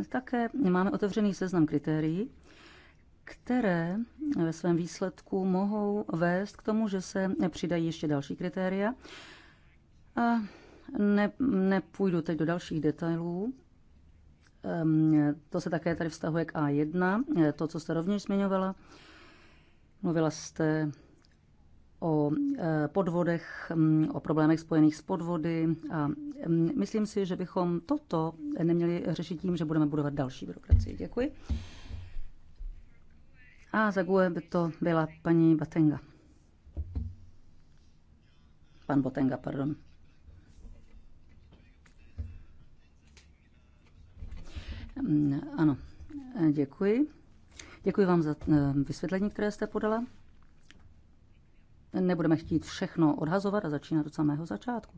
Také máme otevřený seznam kritérií, které ve svém výsledku mohou vést k tomu, že se přidají ještě další kritéria. A ne, nepůjdu teď do dalších detailů. Ehm, to se také tady vztahuje k A1, to, co jste rovněž zmiňovala. Mluvila jste o e, podvodech, o problémech spojených s podvody. A myslím si, že bychom toto neměli řešit tím, že budeme budovat další byrokracii. Děkuji. A za GUE by to byla paní Batenga. Pan Botenga, pardon. Mm, ano, děkuji. Děkuji vám za e, vysvětlení, které jste podala nebudeme chtít všechno odhazovat a začínat od samého začátku.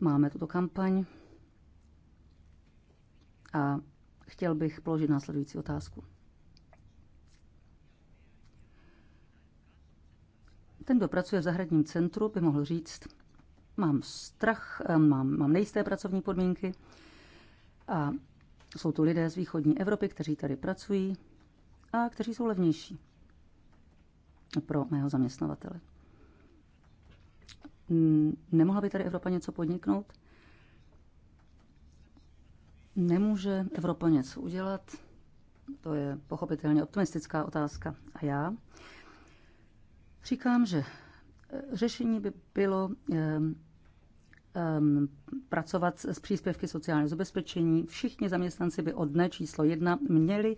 Máme tuto kampaň a chtěl bych položit následující otázku. Ten, kdo pracuje v zahradním centru, by mohl říct, mám strach, mám, mám nejisté pracovní podmínky a jsou tu lidé z východní Evropy, kteří tady pracují a kteří jsou levnější pro mého zaměstnavatele. Nemohla by tady Evropa něco podniknout? Nemůže Evropa něco udělat? To je pochopitelně optimistická otázka. A já říkám, že eh, řešení by bylo ehm, ehm, pracovat s příspěvky sociálního zabezpečení. Všichni zaměstnanci by od dne číslo jedna měli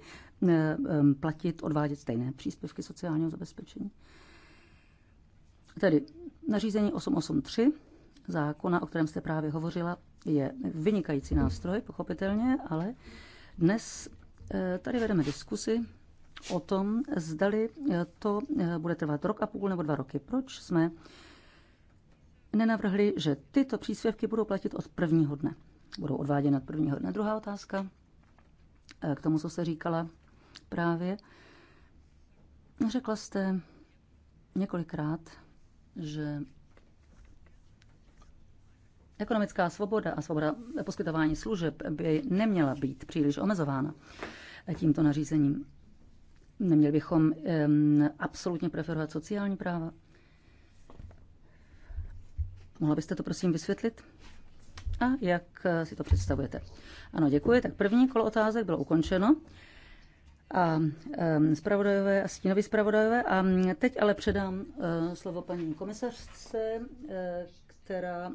platit, odvádět stejné příspěvky sociálního zabezpečení. Tedy nařízení 883 zákona, o kterém jste právě hovořila, je vynikající nástroj, pochopitelně, ale dnes eh, tady vedeme diskusi o tom, zdali eh, to eh, bude trvat rok a půl nebo dva roky. Proč jsme nenavrhli, že tyto příspěvky budou platit od prvního dne? Budou odváděny od prvního dne. Druhá otázka k tomu, co se říkala právě. No, řekla jste několikrát, že ekonomická svoboda a svoboda poskytování služeb by neměla být příliš omezována tímto nařízením. Neměli bychom um, absolutně preferovat sociální práva. Mohla byste to prosím vysvětlit? A jak si to představujete? Ano, děkuji. Tak první kolo otázek bylo ukončeno a spravodajové a stínovi spravodajové. A teď ale předám eh, slovo paní komisařce, eh, která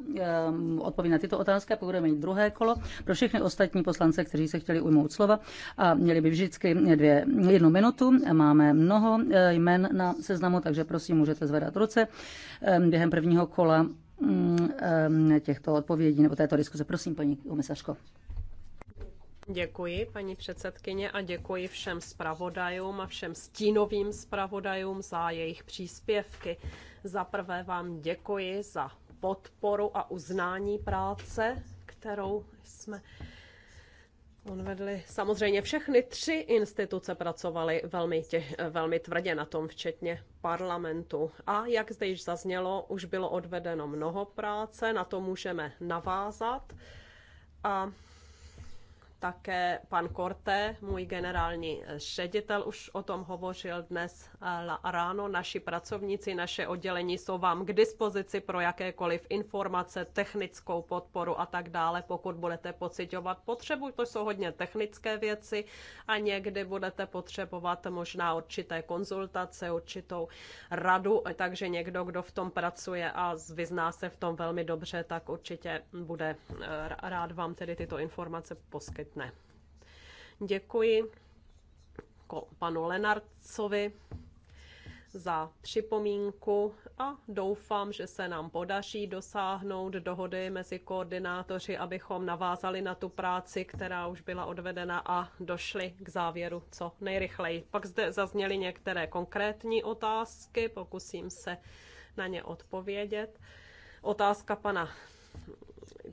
odpoví na tyto otázky a budeme mít druhé kolo pro všechny ostatní poslance, kteří se chtěli ujmout slova a měli by vždycky dvě, jednu minutu. Máme mnoho eh, jmen na seznamu, takže prosím, můžete zvedat ruce během prvního kola mm, těchto odpovědí nebo této diskuze. Prosím, paní komisařko. Děkuji, paní předsedkyně, a děkuji všem zpravodajům a všem stínovým zpravodajům za jejich příspěvky. Za prvé vám děkuji za podporu a uznání práce, kterou jsme odvedli. Samozřejmě všechny tři instituce pracovaly velmi, tě, velmi tvrdě na tom, včetně parlamentu. A jak zde již zaznělo, už bylo odvedeno mnoho práce, na to můžeme navázat. A také pan Korte, můj generální ředitel, už o tom hovořil dnes eh, ráno. Naši pracovníci, naše oddělení jsou vám k dispozici pro jakékoliv informace, technickou podporu a tak dále, pokud budete pocitovat potřebu. To jsou hodně technické věci a někdy budete potřebovat možná určité konzultace, určitou radu, takže někdo, kdo v tom pracuje a vyzná se v tom velmi dobře, tak určitě bude eh, rád vám tedy tyto informace poskytnout nezbytné. Děkuji panu Lenarcovi za připomínku a doufám, že se nám podaří dosáhnout dohody mezi koordinátoři, abychom navázali na tu práci, která už byla odvedena a došli k závěru co nejrychleji. Pak zde zazněly některé konkrétní otázky, pokusím se na ně odpovědět. Otázka pana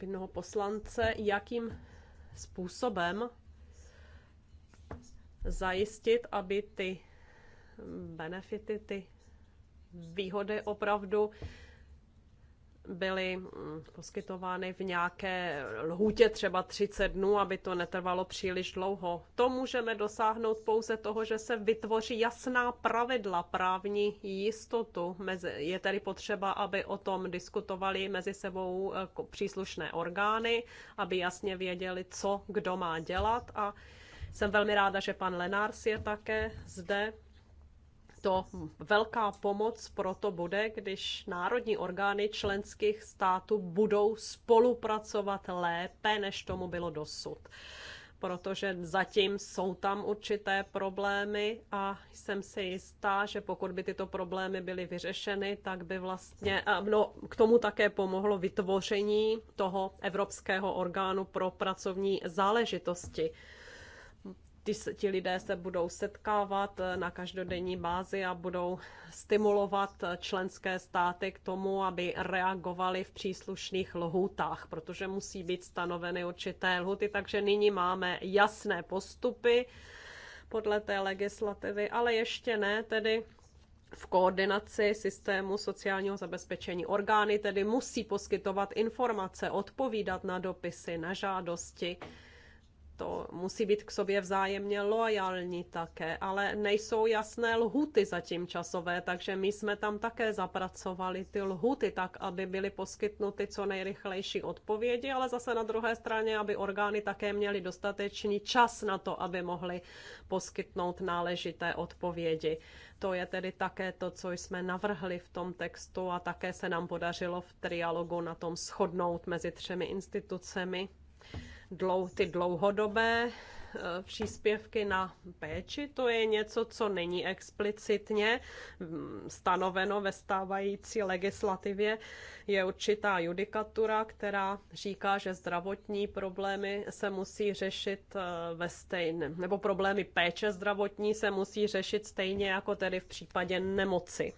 jednoho poslance, jakým způsobem zajistit, aby ty benefity, ty výhody opravdu byly mm, poskytovány v nějaké lhůtě třeba 30 dnů, aby to netrvalo příliš dlouho. To můžeme dosáhnout pouze toho, že se vytvoří jasná pravidla právní jistotu. Je tedy potřeba, aby o tom diskutovali mezi sebou eh, příslušné orgány, aby jasně věděli, co kdo má dělat a jsem velmi ráda, že pan Lenárs je také zde to velká pomoc pro to bude, když národní orgány členských států budou spolupracovat lépe, než tomu bylo dosud. Protože zatím jsou tam určité problémy a jsem si jistá, že pokud by tyto problémy byly vyřešeny, tak by vlastně no, k tomu také pomohlo vytvoření toho Evropského orgánu pro pracovní záležitosti ty, ti lidé se budou setkávat eh, na každodenní bázi a budou stimulovat eh, členské státy k tomu, aby reagovali v příslušných lhůtách, protože musí být stanoveny určité lhuty, takže nyní máme jasné postupy podle té legislativy, ale ještě ne tedy v koordinaci systému sociálního zabezpečení. Orgány tedy musí poskytovat informace, odpovídat na dopisy, na žádosti to musí být k sobě vzájemně loajální také, ale nejsou jasné lhuty zatím časové, takže my jsme tam také zapracovali ty lhuty tak, aby byly poskytnuty co nejrychlejší odpovědi, ale zase na druhé straně, aby orgány také měly dostatečný čas na to, aby mohly poskytnout náležité odpovědi. To je tedy také to, co jsme navrhli v tom textu a také se nám podařilo v trialogu na tom shodnout mezi třemi institucemi dlou, ty dlouhodobé eh, příspěvky na péči, to je něco, co není explicitně mm, stanoveno ve stávající legislativě. Je určitá judikatura, která říká, že zdravotní problémy se musí řešit eh, ve stejné, nebo problémy péče zdravotní se musí řešit stejně jako tedy v případě nemoci.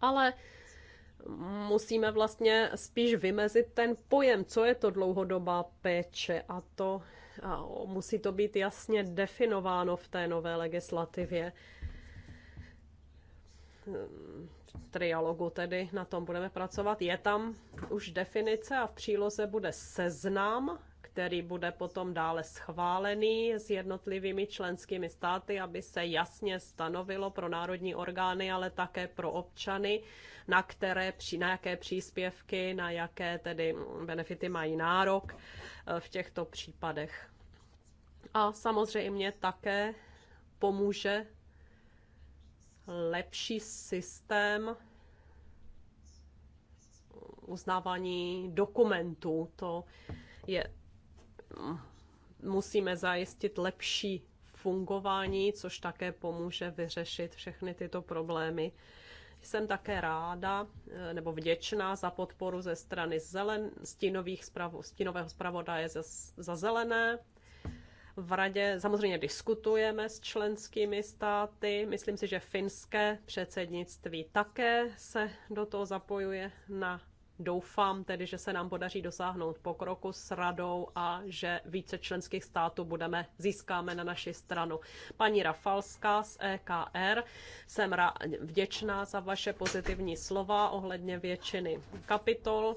Ale musíme vlastně spíš vymezit ten pojem, co je to dlouhodobá péče a to a musí to být jasně definováno v té nové legislativě. V trialogu tedy na tom budeme pracovat. Je tam už definice a v příloze bude seznam který bude potom dále schválený s jednotlivými členskými státy, aby se jasně stanovilo pro národní orgány, ale také pro občany, na, které, na jaké příspěvky, na jaké tedy benefity mají nárok eh, v těchto případech. A samozřejmě také pomůže lepší systém uznávání dokumentů. To je musíme zajistit lepší fungování, což také pomůže vyřešit všechny tyto problémy. Jsem také ráda eh, nebo vděčná za podporu ze strany zelen, stínových spravo, stínového zpravodaje za, za zelené. V radě samozřejmě diskutujeme s členskými státy. Myslím si, že finské předsednictví také se do toho zapojuje na Doufám tedy, že se nám podaří dosáhnout pokroku s radou a že více členských států budeme, získáme na naši stranu. Paní Rafalská z EKR, jsem vděčná za vaše pozitivní slova ohledně většiny kapitol.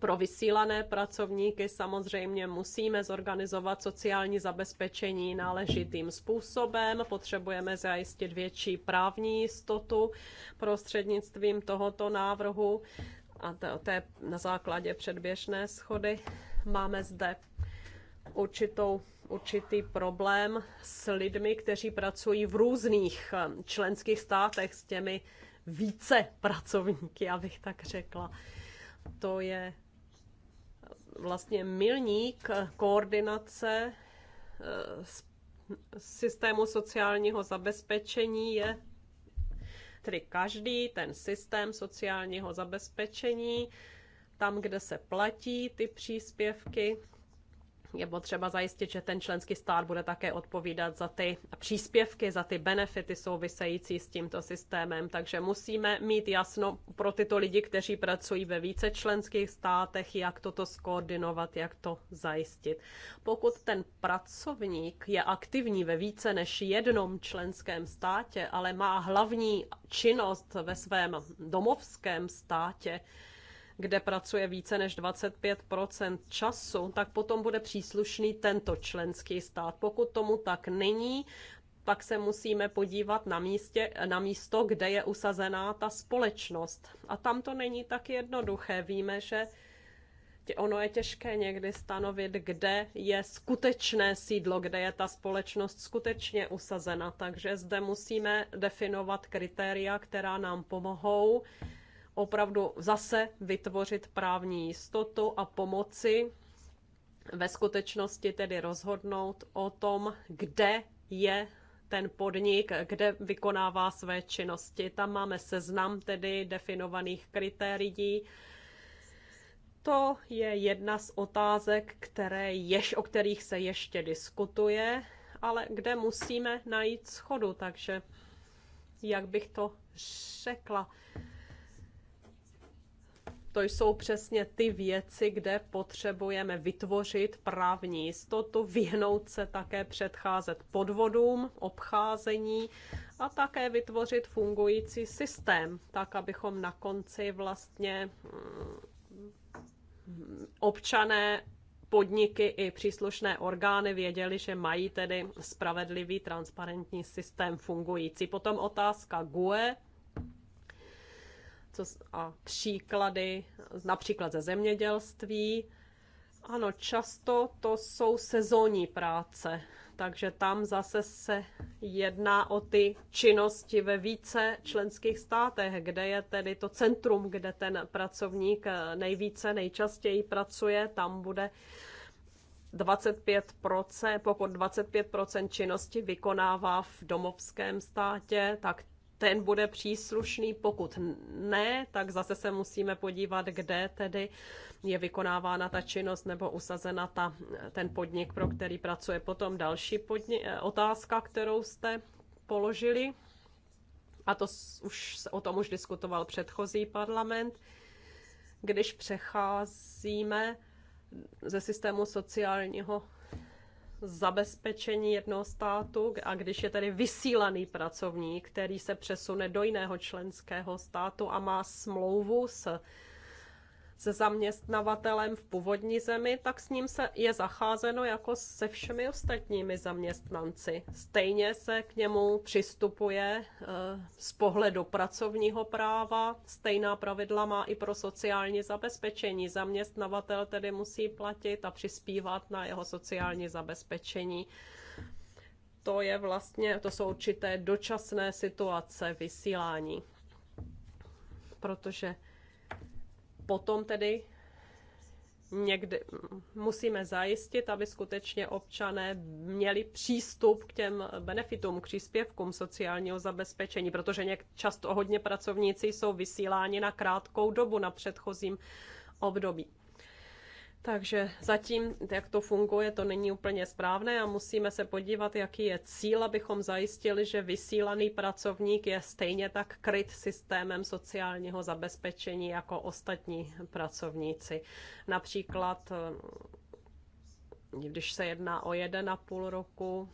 Pro vysílané pracovníky samozřejmě musíme zorganizovat sociální zabezpečení náležitým způsobem. Potřebujeme zajistit větší právní jistotu prostřednictvím tohoto návrhu a to, to je na základě předběžné schody. Máme zde určitou, určitý problém s lidmi, kteří pracují v různých eh, členských státech s těmi více pracovníky, abych tak řekla. To je eh, vlastně milník eh, koordinace systému sociálního zabezpečení je tedy každý ten systém sociálního zabezpečení, tam, kde se platí ty příspěvky, je potřeba zajistit, že ten členský stát bude také odpovídat za ty příspěvky, za ty benefity související s tímto systémem. Takže musíme mít jasno pro tyto lidi, kteří pracují ve více členských státech, jak toto skoordinovat, jak to zajistit. Pokud ten pracovník je aktivní ve více než jednom členském státě, ale má hlavní činnost ve svém domovském státě, kde pracuje více než 25 času, tak potom bude příslušný tento členský stát. Pokud tomu tak není, pak se musíme podívat na, místě, na místo, kde je usazená ta společnost. A tam to není tak jednoduché. Víme, že ono je těžké někdy stanovit, kde je skutečné sídlo, kde je ta společnost skutečně usazena. Takže zde musíme definovat kritéria, která nám pomohou opravdu zase vytvořit právní jistotu a pomoci ve skutečnosti tedy rozhodnout o tom, kde je ten podnik, kde vykonává své činnosti. Tam máme seznam tedy definovaných kritérií. To je jedna z otázek, které jež, o kterých se ještě diskutuje, ale kde musíme najít schodu. Takže jak bych to řekla? To jsou přesně ty věci, kde potřebujeme vytvořit právní jistotu, vyhnout se také předcházet podvodům, obcházení a také vytvořit fungující systém, tak abychom na konci vlastně mm, občané podniky i příslušné orgány věděli, že mají tedy spravedlivý, transparentní systém fungující. Potom otázka GUE, co, a příklady například ze zemědělství. Ano, často to jsou sezónní práce, takže tam zase se jedná o ty činnosti ve více členských státech, kde je tedy to centrum, kde ten pracovník eh, nejvíce, nejčastěji pracuje, tam bude 25%, pokud 25% činnosti vykonává v domovském státě, tak ten bude příslušný, pokud ne, tak zase se musíme podívat, kde tedy je vykonávána ta činnost nebo usazena ta, ten podnik, pro který pracuje. Potom další podnik, eh, otázka, kterou jste položili, a to už o tom už diskutoval předchozí parlament, když přecházíme ze systému sociálního zabezpečení jednoho státu a když je tedy vysílaný pracovník, který se přesune do jiného členského státu a má smlouvu s se zaměstnavatelem v původní zemi, tak s ním se je zacházeno jako se všemi ostatními zaměstnanci. Stejně se k němu přistupuje eh, z pohledu pracovního práva, stejná pravidla má i pro sociální zabezpečení. Zaměstnavatel tedy musí platit a přispívat na jeho sociální zabezpečení to je vlastně, to jsou určité dočasné situace vysílání. Protože potom tedy někdy musíme zajistit, aby skutečně občané měli přístup k těm benefitům, k příspěvkům sociálního zabezpečení, protože něk, často hodně pracovníci jsou vysíláni na krátkou dobu na předchozím období. Takže zatím, jak to funguje, to není úplně správné a musíme se podívat, jaký je cíl, abychom zajistili, že vysílaný pracovník je stejně tak kryt systémem sociálního zabezpečení jako ostatní pracovníci. Například, eh, když se jedná o jeden a půl roku,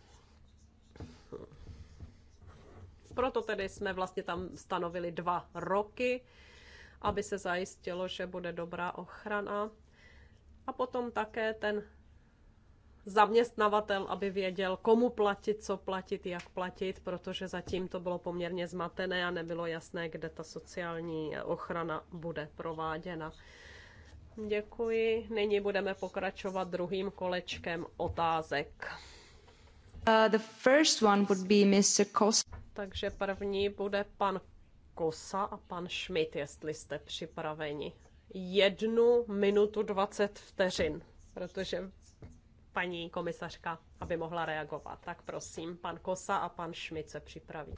proto tedy jsme vlastně tam stanovili dva roky, aby se zajistilo, že bude dobrá ochrana a potom také ten zaměstnavatel, aby věděl, komu platit, co platit, jak platit, protože zatím to bylo poměrně zmatené a nebylo jasné, kde ta sociální ochrana bude prováděna. Děkuji. Nyní budeme pokračovat druhým kolečkem otázek. Uh, the first one would be Mr. Kosa. Takže první bude pan Kosa a pan Schmidt, jestli jste připraveni jednu minutu 20 vteřin, protože paní komisařka, aby mohla reagovat. Tak prosím, pan Kosa a pan Šmit se připraví.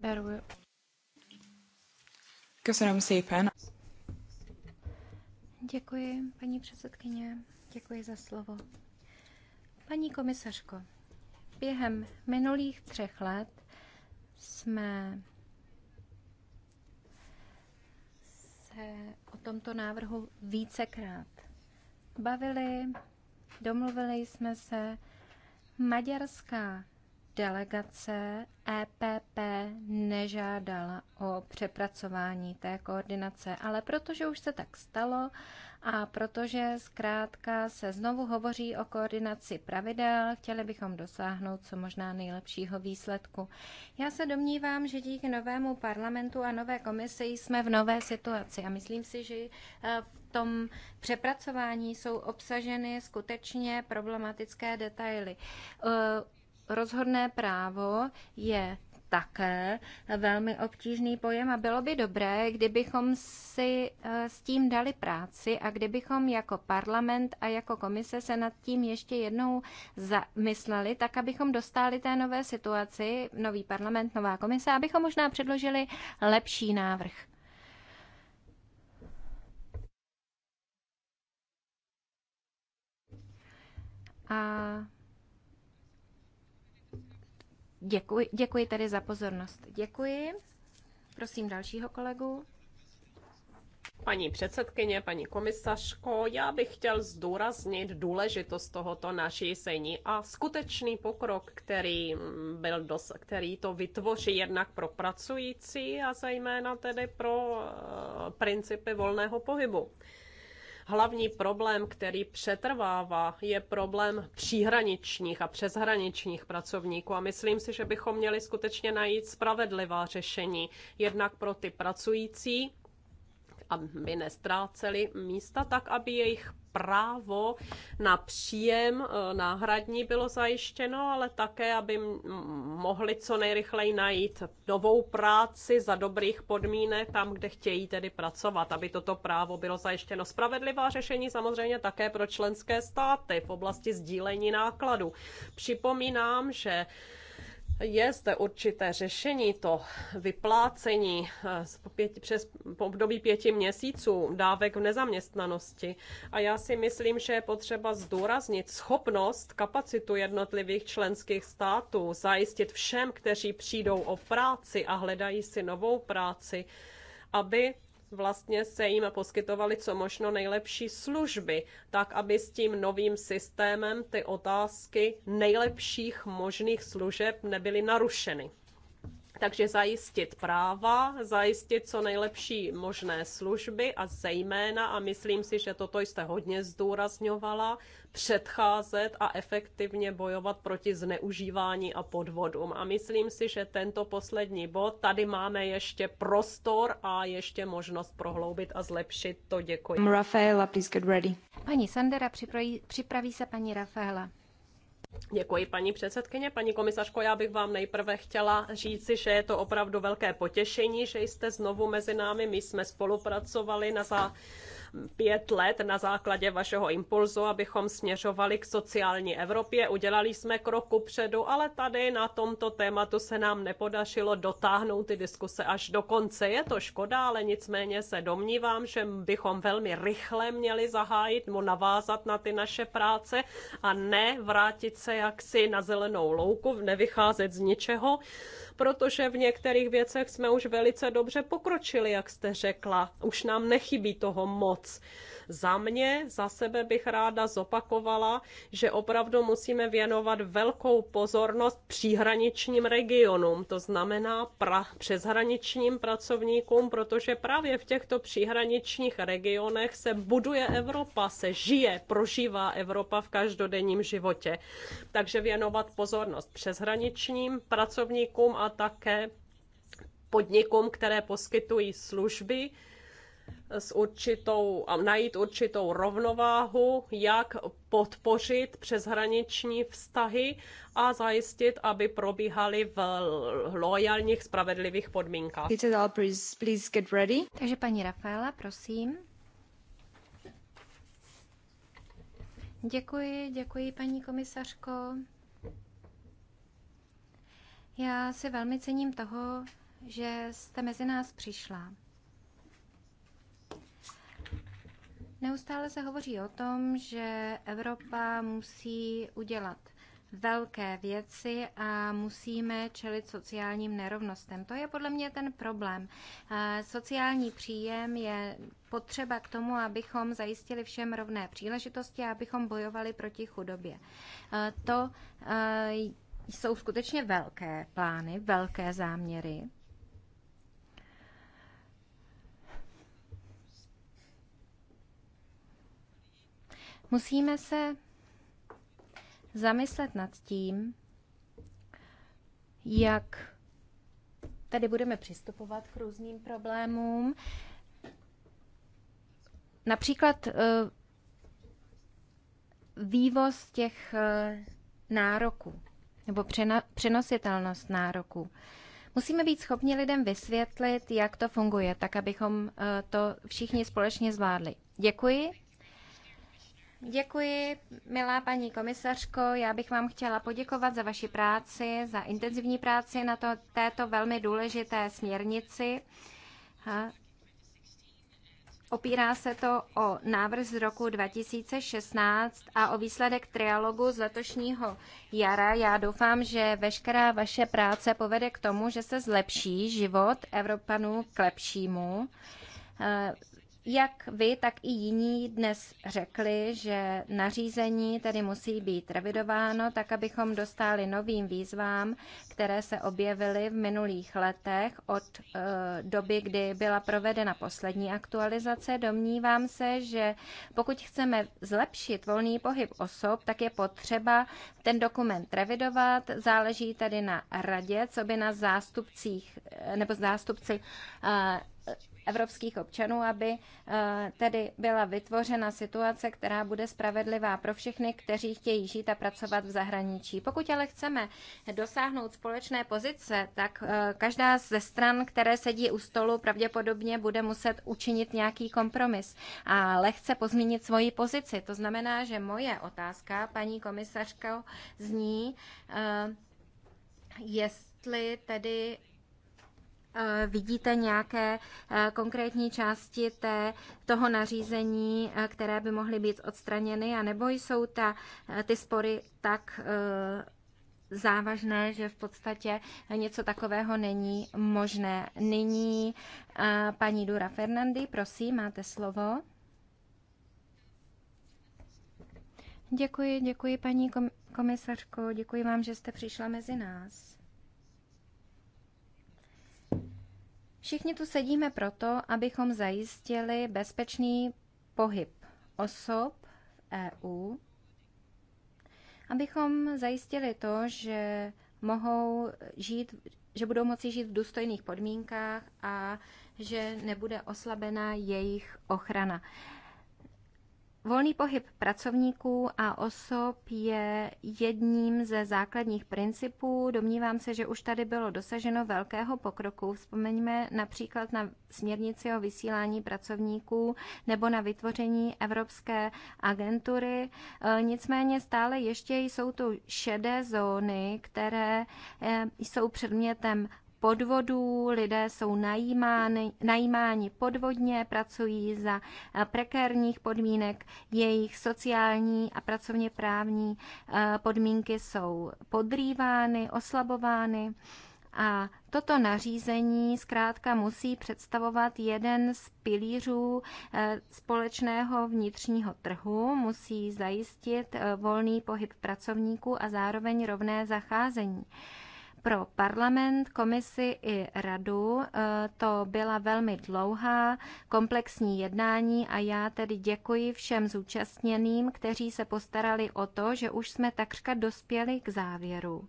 Beru. Děkuji, paní předsedkyně. Děkuji za slovo. Paní komisařko, během minulých třech let jsme o tomto návrhu vícekrát bavili, domluvili jsme se. Maďarská delegace EPP nežádala o přepracování té koordinace, ale protože už se tak stalo a protože zkrátka se znovu hovoří o koordinaci pravidel, chtěli bychom dosáhnout co možná nejlepšího výsledku. Já se domnívám, že díky novému parlamentu a nové komisi jsme v nové situaci a myslím si, že eh, v tom přepracování jsou obsaženy skutečně problematické detaily eh, rozhodné právo je také velmi obtížný pojem a bylo by dobré, kdybychom si eh, s tím dali práci a kdybychom jako parlament a jako komise se nad tím ještě jednou zamysleli, tak abychom dostali té nové situaci, nový parlament, nová komise, abychom možná předložili lepší návrh. A Děkuji, děkuji tedy za pozornost. Děkuji. Prosím dalšího kolegu. Paní předsedkyně, paní komisařko, já bych chtěl zdůraznit důležitost tohoto nařízení a skutečný pokrok, který, byl dos, který to vytvoří jednak pro pracující a zejména tedy pro eh, principy volného pohybu. Hlavní problém, který přetrvává, je problém příhraničních a přeshraničních pracovníků a myslím si, že bychom měli skutečně najít spravedlivá řešení, jednak pro ty pracující, aby nestráceli místa, tak aby jejich právo na příjem eh, náhradní bylo zajištěno, ale také, aby mohli co nejrychleji najít novou práci za dobrých podmínek tam, kde chtějí tedy pracovat, aby toto právo bylo zajištěno. Spravedlivá řešení samozřejmě také pro členské státy v oblasti sdílení nákladů. Připomínám, že je zde určité řešení, to vyplácení eh, z pěti, přes po období pěti měsíců dávek v nezaměstnanosti. A já si myslím, že je potřeba zdůraznit schopnost, kapacitu jednotlivých členských států, zajistit všem, kteří přijdou o práci a hledají si novou práci, aby vlastně se jim poskytovaly co možno nejlepší služby, tak aby s tím novým systémem ty otázky nejlepších možných služeb nebyly narušeny. Takže zajistit práva, zajistit co nejlepší možné služby a zejména, a myslím si, že toto jste hodně zdůrazňovala, předcházet a efektivně bojovat proti zneužívání a podvodům. A myslím si, že tento poslední bod, tady máme ještě prostor a ještě možnost prohloubit a zlepšit to. Děkuji. Rafaela, please get ready. Paní Sandera, připraví, připraví se paní Rafaela. Děkuji, paní předsedkyně. Paní komisařko, já bych vám nejprve chtěla říci, že je to opravdu velké potěšení, že jste znovu mezi námi. My jsme spolupracovali na základě pět let na základě vašeho impulzu, abychom směřovali k sociální Evropě. Udělali jsme kroku předu, ale tady na tomto tématu se nám nepodařilo dotáhnout ty diskuse až do konce. Je to škoda, ale nicméně se domnívám, že bychom velmi rychle měli zahájit, mu navázat na ty naše práce a ne vrátit se jaksi na zelenou louku, nevycházet z ničeho protože v některých věcech jsme už velice dobře pokročili, jak jste řekla. Už nám nechybí toho moc. Za mě, za sebe bych ráda zopakovala, že opravdu musíme věnovat velkou pozornost příhraničním regionům, to znamená pra- přeshraničním pracovníkům, protože právě v těchto příhraničních regionech se buduje Evropa, se žije, prožívá Evropa v každodenním životě. Takže věnovat pozornost přeshraničním pracovníkům a také podnikům, které poskytují služby s určitou, najít určitou rovnováhu, jak podpořit přeshraniční vztahy a zajistit, aby probíhaly v lojalních, spravedlivých podmínkách. All, please, please get ready. Takže paní Rafaela, prosím. Děkuji, děkuji paní komisařko. Já si velmi cením toho, že jste mezi nás přišla. Neustále se hovoří o tom, že Evropa musí udělat velké věci a musíme čelit sociálním nerovnostem. To je podle mě ten problém. Sociální příjem je potřeba k tomu, abychom zajistili všem rovné příležitosti a abychom bojovali proti chudobě. To jsou skutečně velké plány, velké záměry. Musíme se zamyslet nad tím, jak tady budeme přistupovat k různým problémům. Například eh, vývoz těch eh, nároků nebo přenositelnost nároků. Musíme být schopni lidem vysvětlit, jak to funguje, tak abychom eh, to všichni společně zvládli. Děkuji. Děkuji, milá paní komisařko. Já bych vám chtěla poděkovat za vaši práci, za intenzivní práci na to, této velmi důležité směrnici. Opírá se to o návrh z roku 2016 a o výsledek trialogu z letošního jara. Já doufám, že veškerá vaše práce povede k tomu, že se zlepší život Evropanů k lepšímu. Jak vy, tak i jiní dnes řekli, že nařízení tedy musí být revidováno, tak abychom dostali novým výzvám, které se objevily v minulých letech od e, doby, kdy byla provedena poslední aktualizace. Domnívám se, že pokud chceme zlepšit volný pohyb osob, tak je potřeba ten dokument revidovat. Záleží tedy na radě, co by na zástupcích eh, nebo zástupci e, evropských občanů, aby eh, tedy byla vytvořena situace, která bude spravedlivá pro všechny, kteří chtějí žít a pracovat v zahraničí. Pokud ale chceme dosáhnout společné pozice, tak eh, každá ze stran, které sedí u stolu, pravděpodobně bude muset učinit nějaký kompromis a lehce pozmínit svoji pozici. To znamená, že moje otázka, paní komisařko, zní, eh, jestli tedy Eh, vidíte nějaké eh, konkrétní části té, toho nařízení, eh, které by mohly být odstraněny, anebo jsou ta, ty spory tak závažné, že v podstatě něco takového není možné. Nyní paní Dura Fernandy, prosím, máte slovo. Děkuji, děkuji paní komisařko, děkuji vám, že jste přišla mezi nás. Všichni tu sedíme proto, abychom zajistili bezpečný pohyb osob EU, abychom zajistili to, že mohou žít, že budou moci žít v důstojných podmínkách a že nebude oslabena jejich ochrana. Volný pohyb pracovníků a osob je jedním ze základních principů. Domnívám se, že už tady bylo dosaženo velkého pokroku. Vzpomeňme například na směrnici o vysílání pracovníků nebo na vytvoření Evropské agentury. E, nicméně stále ještě jsou tu šedé zóny, které e, jsou předmětem podvodů, lidé jsou najímány, najímáni podvodně, pracují za eh, prekérních podmínek, jejich sociální a pracovně právní eh, podmínky jsou podrývány, oslabovány. A toto nařízení zkrátka musí představovat jeden z pilířů eh, společného vnitřního trhu, musí zajistit volný pohyb pracovníků a zároveň rovné zacházení. Pro parlament, komisi i radu e, to byla velmi dlouhá komplexní jednání a já tedy děkuji všem zúčastněným, kteří se postarali o to, že už jsme takřka dospěli k závěru.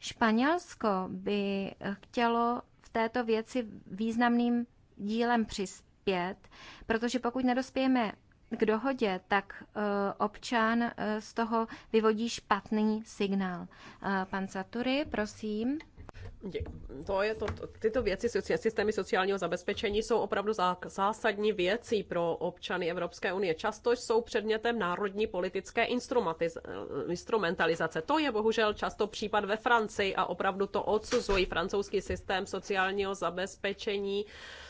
Španělsko by chtělo v této věci významným dílem přispět, protože pokud nedospějeme k dohodě, tak eh, občan eh, z toho vyvodí špatný signál. Eh, pan Satury, prosím. To je to, tyto věci, systémy sociálního zabezpečení jsou opravdu zásadní věcí pro občany Evropské unie. Často jsou předmětem národní politické instrumentalizace. To je bohužel často případ ve Francii a opravdu to odsuzují francouzský systém sociálního zabezpečení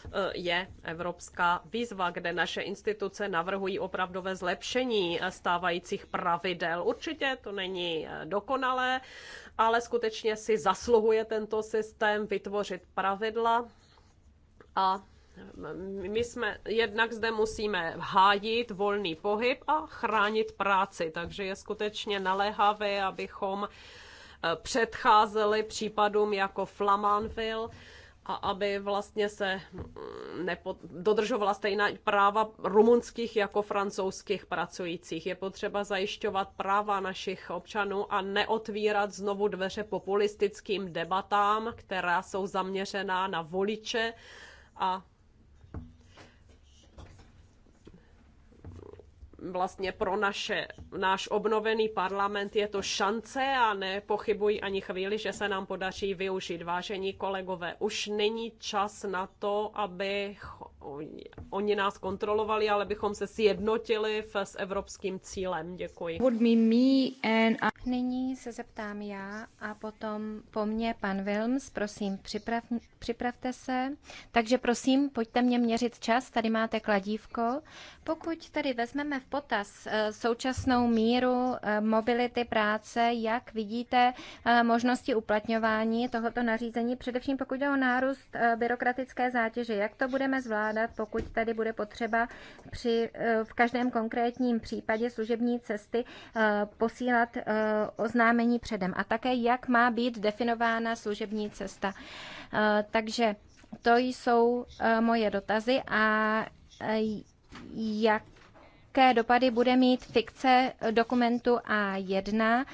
Eh, je evropská výzva, kde naše instituce navrhují opravdové zlepšení stávajících pravidel. Určitě to není eh, dokonalé, ale skutečně si zasluhuje tento systém vytvořit pravidla a eh, my jsme jednak zde musíme hájit volný pohyb a chránit práci, takže je skutečně naléhavé, abychom předcházeli případům jako Flamanville, a aby vlastně se mm, nepo, dodržovala stejná práva rumunských jako francouzských pracujících. Je potřeba zajišťovat práva našich občanů a neotvírat znovu dveře populistickým debatám, která jsou zaměřená na voliče a vlastně pro naše, náš obnovený parlament je to šance a nepochybuji ani chvíli, že se nám podaří využít. Vážení kolegové, už není čas na to, aby oni, oni nás kontrolovali, ale bychom se sjednotili v, s evropským cílem. Děkuji. Nyní se zeptám já a potom po mně pan Wilms, prosím, připrav, připravte se. Takže prosím, pojďte mě měřit čas, tady máte kladívko. Pokud tady vezmeme v potaz eh, současnou míru eh, mobility práce, jak vidíte eh, možnosti uplatňování tohoto nařízení, především pokud jde o nárůst byrokratické zátěže, jak to budeme zvládat, pokud tady bude potřeba při, v každém konkrétním případě služební cesty posílat oznámení předem a také jak má být definována služební cesta. Takže to jsou moje dotazy a jak jaké dopady bude mít fikce dokumentu A1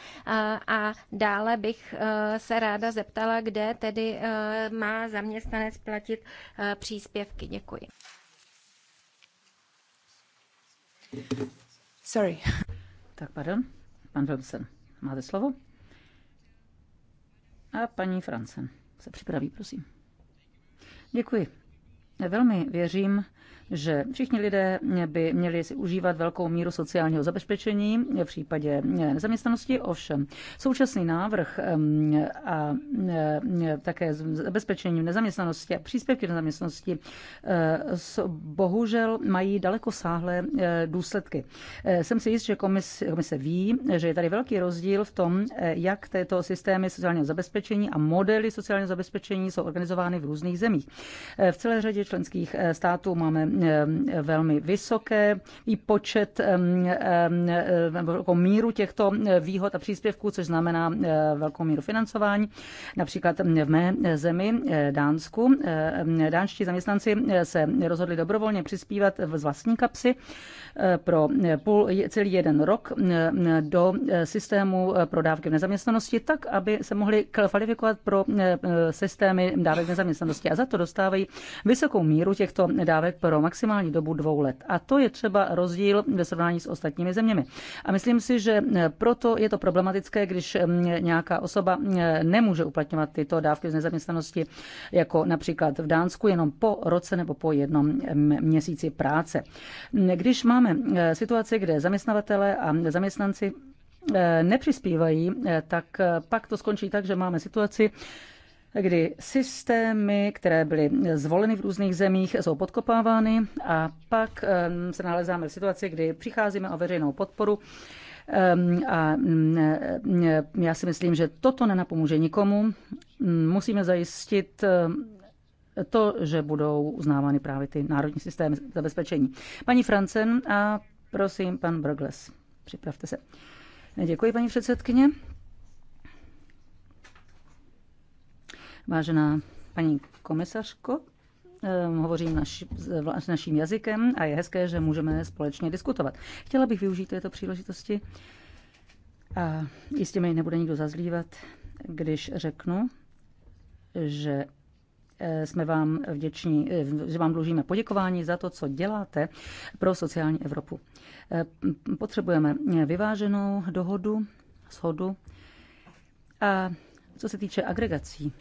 a dále bych e, se ráda zeptala, kde tedy e, má zaměstnanec platit e, příspěvky. Děkuji. Sorry. Tak pardon, pan Wilson, máte slovo? A paní Francen se připraví, prosím. Děkuji. Velmi věřím že všichni lidé by měli si užívat velkou míru sociálního zabezpečení v případě nezaměstnanosti. Ovšem, současný návrh a také zabezpečení nezaměstnanosti a příspěvky nezaměstnanosti eh, bohužel mají sáhlé eh, důsledky. Eh, jsem si jist, že komise, komise ví, že je tady velký rozdíl v tom, jak této systémy sociálního zabezpečení a modely sociálního zabezpečení jsou organizovány v různých zemích. V celé řadě členských států máme máme eh, velmi vysoké i počet eh, eh, velkou míru těchto výhod a příspěvků, což znamená velkou míru financování. Například v mé zemi, Dánsku, dánští zaměstnanci se rozhodli dobrovolně přispívat z vlastní kapsy pro půl, celý jeden rok do systému pro dávky v nezaměstnanosti, tak, aby se mohli kvalifikovat pro systémy dávek v nezaměstnanosti. A za to dostávají vysokou míru těchto dávek pro maximální dobu dvou let. A to je třeba rozdíl ve srovnání s ostatními zeměmi. A myslím si, že proto je to problematické, když eh, nějaká osoba eh, nemůže uplatňovat tyto dávky z nezaměstnanosti, jako například v Dánsku, jenom po roce nebo po jednom měsíci práce. Když máme eh, situaci, kde zaměstnavatele a zaměstnanci nepřispívají, tak pak to skončí tak, že máme situaci, kdy systémy, které byly zvoleny v různých zemích, jsou podkopávány a pak ehm, se nalezáme v situaci, kdy přicházíme o veřejnou podporu ehm, a mm, e, já si myslím, že toto nenapomůže nikomu. Mm, musíme zajistit ehm, to, že budou uznávány právě ty národní systémy zabezpečení. Paní Francen a prosím, pan Brogles, připravte se. Děkuji, paní předsedkyně. Vážená paní komisařko, ehm, hovořím s naším jazykem a je hezké, že můžeme společně diskutovat. Chtěla bych využít této příležitosti a jistě mi nebude nikdo zazlívat, když řeknu, že eh, jsme vám vděční, eh, že vám dlužíme poděkování za to, co děláte pro sociální Evropu. Eh, potřebujeme vyváženou dohodu, shodu. A co se týče agregací,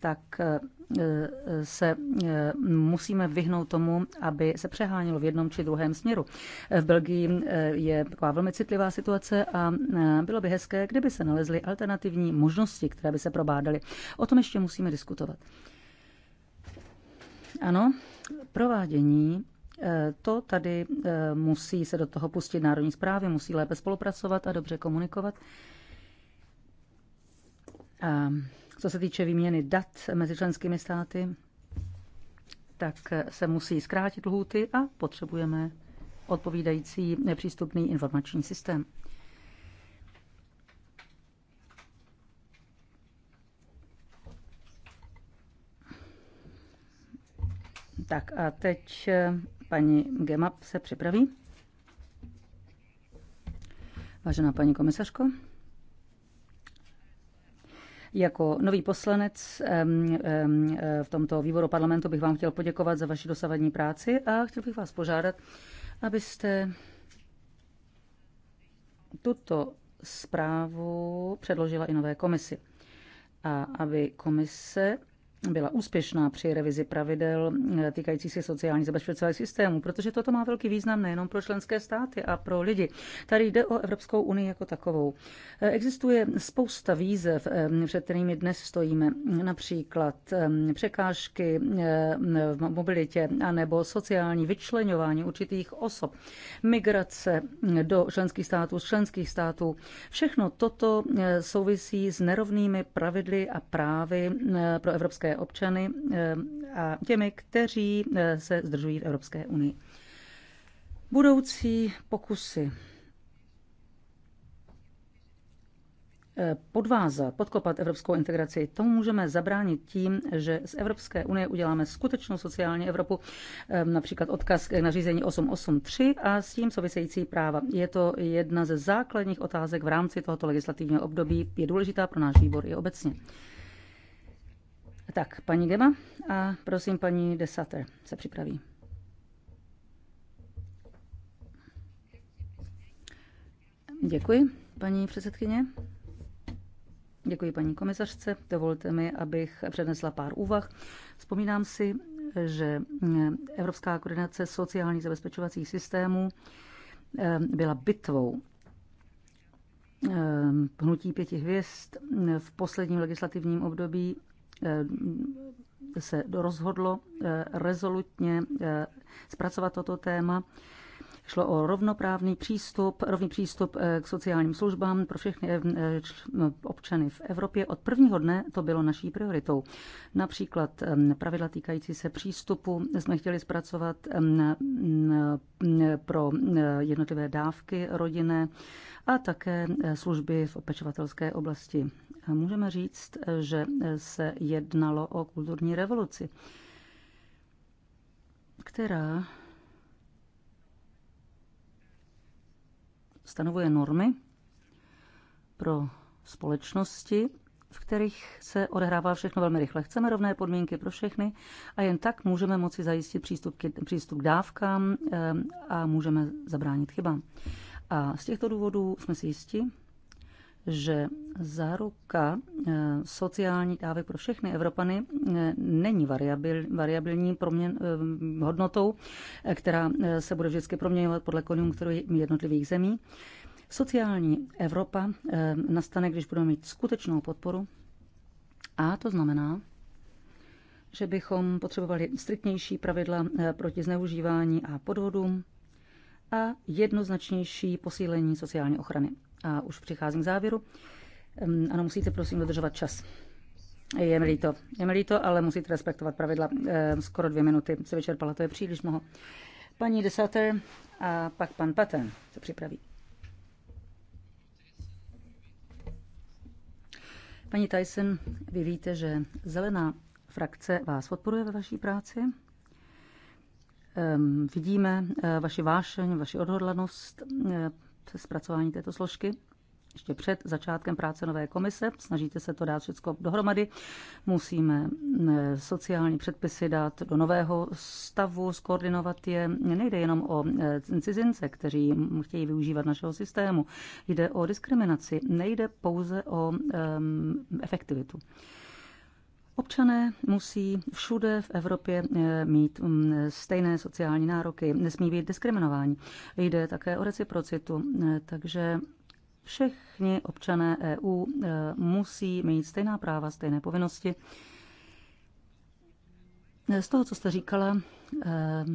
tak eh, eh, se eh, musíme vyhnout tomu, aby se přehánělo v jednom či druhém směru. V Belgii je taková velmi citlivá situace a bylo by hezké, kdyby se nalezly alternativní možnosti, které by se probádaly. O tom ještě musíme diskutovat. Ano, provádění to tady musí se do toho pustit národní zprávy, musí lépe spolupracovat a dobře komunikovat. A co se týče výměny dat mezi členskými státy, tak se musí zkrátit lhůty a potřebujeme odpovídající nepřístupný informační systém. Tak a teď paní Gemap se připraví. Vážená paní komisařko. Jako nový poslanec eh, v tomto výboru parlamentu bych vám chtěl poděkovat za vaši dosavadní práci a chtěl bych vás požádat, abyste tuto zprávu předložila i nové komisi a aby komise byla úspěšná při revizi pravidel eh, týkající se sociální zabezpečování systému, protože toto má velký význam nejenom pro členské státy a pro lidi. Tady jde o Evropskou unii jako takovou. Eh, existuje spousta výzev, eh, před kterými dnes stojíme, například překážky v mobilitě anebo sociální vyčlenování určitých osob, migrace do členských států, z členských států. Všechno toto souvisí s nerovnými pravidly a právy pro evropské evropské občany eh, a těmi, kteří eh, se zdržují v Evropské unii. Budoucí pokusy eh, podvázat, podkopat evropskou integraci, tomu můžeme zabránit tím, že z Evropské unie uděláme skutečnou sociální Evropu, například odkaz k nařízení 883 a s tím související práva. Je to jedna ze základních otázek v rámci tohoto legislativního období, je důležitá pro náš výbor i obecně. Tak, paní Gema a prosím, paní Desater se připraví. Děkuji, paní předsedkyně. Děkuji paní komisařce. Dovolte mi, abych přednesla pár úvah. Vzpomínám si, že Evropská koordinace sociálních zabezpečovacích systémů eh, byla bitvou eh, hnutí pěti hvězd v posledním legislativním období Eh, se rozhodlo eh, rezolutně eh, zpracovat toto téma. Šlo o rovnoprávný přístup, rovný přístup k sociálním službám pro všechny občany v Evropě. Od prvního dne to bylo naší prioritou. Například pravidla týkající se přístupu jsme chtěli zpracovat pro jednotlivé dávky rodinné a také služby v opečovatelské oblasti. Můžeme říct, že se jednalo o kulturní revoluci, která stanovuje normy pro společnosti, v kterých se odehrává všechno velmi rychle. Chceme rovné podmínky pro všechny a jen tak můžeme moci zajistit přístup k, přístup k dávkám eh, a můžeme zabránit chybám. A z těchto důvodů jsme si jisti, že záruka eh, sociální dávek pro všechny Evropany eh, není variabil, variabilní proměn, eh, hodnotou, která se bude vždycky proměňovat podle konjunktury jednotlivých zemí. Sociální Evropa nastane, když budeme mít skutečnou podporu a to znamená, že bychom potřebovali striktnější pravidla proti zneužívání a podvodům a jednoznačnější posílení sociální ochrany a už přicházím k závěru. Ano, musíte prosím dodržovat čas. Je mi líto, je mi líto, ale musíte respektovat pravidla. Skoro dvě minuty se vyčerpala, to je příliš mnoho. Paní Desater a pak pan Paten se připraví. Paní Tyson, vy víte, že zelená frakce vás podporuje ve vaší práci. Vidíme eh, vaši vášeň, vaši odhodlanost. Eh, zpracování této složky ještě před začátkem práce nové komise. Snažíte se to dát všechno dohromady. Musíme eh, sociální předpisy dát do nového stavu, skoordinovat je. Nejde jenom o eh, cizince, kteří chtějí využívat našeho systému. Jde o diskriminaci, nejde pouze o um, efektivitu. Občané musí všude v Evropě eh, mít mm, stejné sociální nároky, nesmí být diskriminováni. Jde také o reciprocitu, eh, takže všichni občané EU eh, musí mít stejná práva, stejné povinnosti. Z toho, co jste říkala,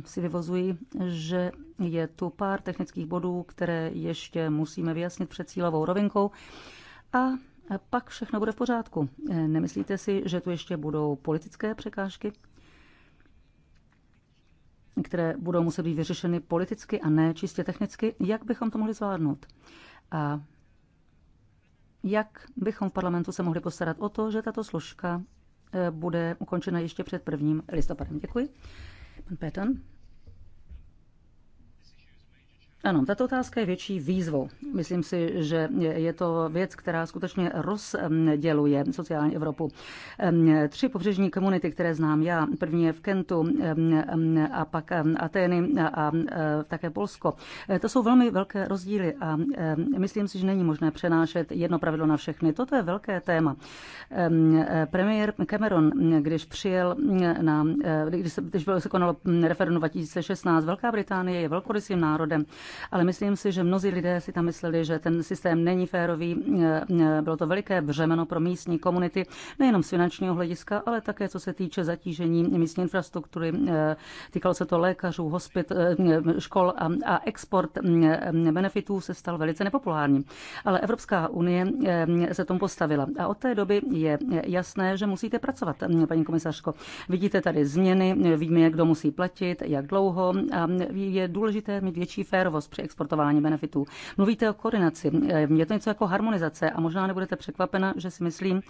si vyvozuji, že je tu pár technických bodů, které ještě musíme vyjasnit před cílovou rovinkou a a pak všechno bude v pořádku. Eh, nemyslíte si, že tu ještě budou politické překážky, které budou muset být vyřešeny politicky a ne čistě technicky? Jak bychom to mohli zvládnout? A jak bychom v parlamentu se mohli postarat o to, že tato složka eh, bude ukončena ještě před prvním listopadem? Děkuji. Pan Petan. Ano, tato otázka je větší výzvou. Myslím si, že je to věc, která skutečně rozděluje sociální Evropu. Tři pobřežní komunity, které znám já, první je v Kentu a pak Atény a také Polsko. E, to jsou velmi velké rozdíly a myslím si, že není možné přenášet jedno pravidlo na všechny. Toto je velké téma. E, premiér Cameron, když přijel na, e, když se, když se konalo referendum 2016, Velká Británie je velkorysým národem, ale myslím si, že mnozí lidé si tam mysleli, že ten systém není férový. E, e, bylo to veliké břemeno pro místní komunity, nejenom z finančního hlediska, ale také co se týče zatížení místní infrastruktury. E, týkalo se to lékařů, hospit, škol a, export benefitů se stal velice nepopulárním. Ale Evropská unie se tomu postavila. A od té doby je jasné, že musíte pracovat, paní komisařko. Vidíte tady změny, víme, kdo musí platit, jak dlouho. A je důležité mít větší férovost spravedlnost při exportování benefitů. Mluvíte o koordinaci. Eh, je to něco jako harmonizace a možná nebudete překvapena, že si myslím,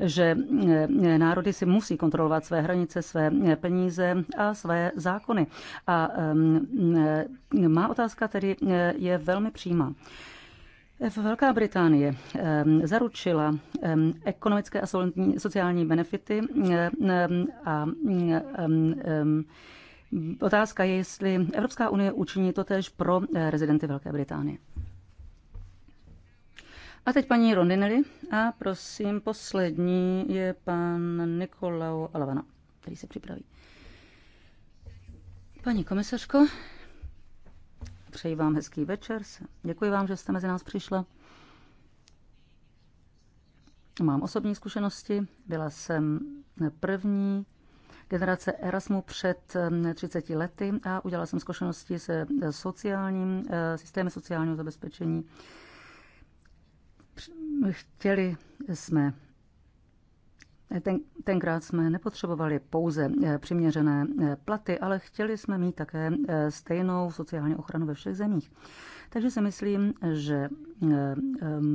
že eh, národy si musí kontrolovat své hranice, své eh, peníze a své zákony. A ehm, má otázka tedy je velmi přímá. Velká Británie ehm, zaručila ehm, ekonomické a sociální benefity a mm, Otázka je, jestli Evropská unie učiní to tež pro eh, rezidenty Velké Británie. A teď paní Rondinelli a prosím, poslední je pan Nikolau Alavana, který se připraví. Paní komisařko, přeji vám hezký večer. Děkuji vám, že jste mezi nás přišla. Mám osobní zkušenosti. Byla jsem první generace Erasmu před 30 lety a udělala jsem zkušenosti se e, sociálním e, systémem sociálního zabezpečení. Chtěli jsme e, ten, tenkrát jsme nepotřebovali pouze přiměřené platy, ale chtěli jsme mít také stejnou sociální ochranu ve všech zemích. Takže si myslím, že eh,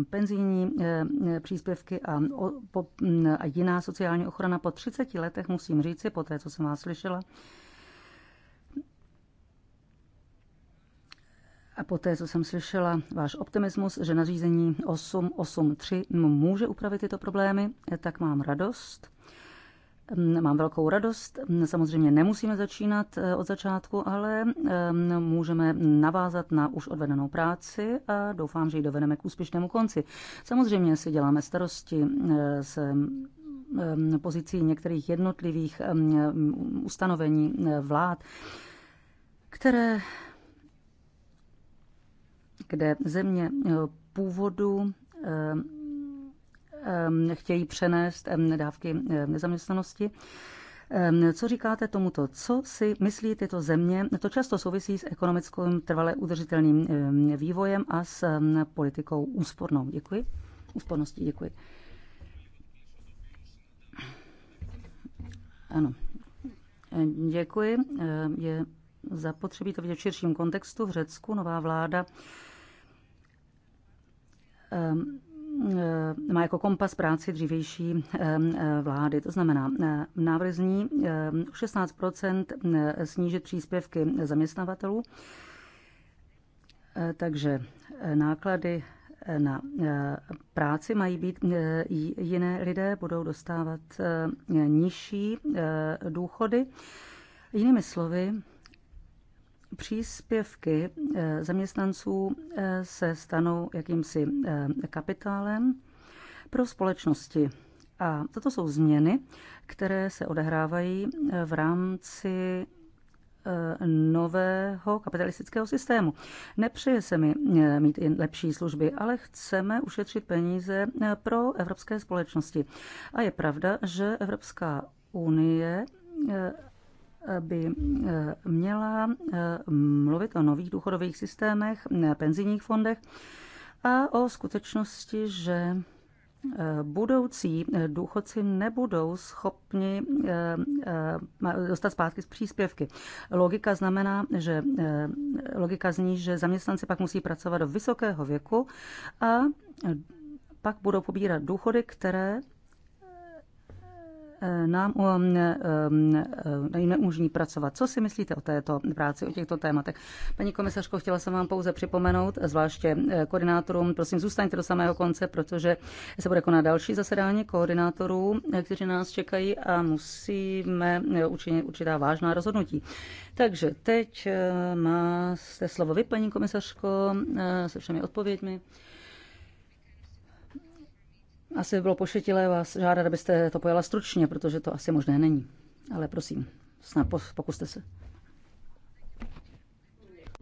penzijní eh, příspěvky a, jiná sociální ochrana po 30 letech, musím říci, po té, co jsem vás slyšela, A poté, co jsem slyšela váš optimismus, že nařízení 883 může upravit tyto problémy, eh, tak mám radost. Mám velkou radost. Samozřejmě nemusíme začínat e, od začátku, ale můžeme navázat na už odvedenou práci a doufám, že ji dovedeme k úspěšnému konci. Samozřejmě si děláme starosti se pozicí některých jednotlivých ustanovení e, vlád, které kde země e, původu Ehm, chtějí přenést ehm, dávky ehm, nezaměstnanosti. Co říkáte tomuto? Co si myslí tyto země? To často souvisí s ekonomickým trvale udržitelným vývojem a s politikou úspornou. Děkuji. Úsporností děkuji. Ano. Děkuji. Je zapotřebí to vidět v širším kontextu. V Řecku nová vláda E, má jako kompas práci dřívější e, e, vlády. To znamená, návrh zní 16 snížit příspěvky zaměstnavatelů, takže náklady na práci mají být jiné lidé, budou dostávat nižší důchody. Jinými slovy, Příspěvky eh, zaměstnanců eh, se stanou jakýmsi eh, kapitálem pro společnosti. A toto jsou změny, které se odehrávají v rámci nového kapitalistického systému. Nepřeje se mi mít i lepší služby, ale chceme ušetřit peníze pro evropské společnosti. A je pravda, že Evropská unie by eh, měla eh, mluvit o nových důchodových systémech, penzijních fondech a o skutečnosti, že eh, budoucí důchodci nebudou schopni dostat zpátky z příspěvky. Logika znamená, že logika zní, že zaměstnanci pak musí pracovat do vysokého věku a pak budou pobírat důchody, které nám um, um, um, neumožní pracovat. Co si myslíte o této práci, o těchto tématech? Paní komisařko, chtěla jsem vám pouze připomenout, zvláště eh, koordinátorům, prosím, zůstaňte do samého konce, protože se bude konat další zasedání koordinátorů, eh, kteří nás čekají a musíme eh, učinit určitá vážná rozhodnutí. Takže teď máte slovo vy, paní komisařko, se všemi odpověďmi. Asi by bylo pošetilé vás žádat, abyste to pojala stručně, protože to asi možné není. Ale prosím, snad pokuste se.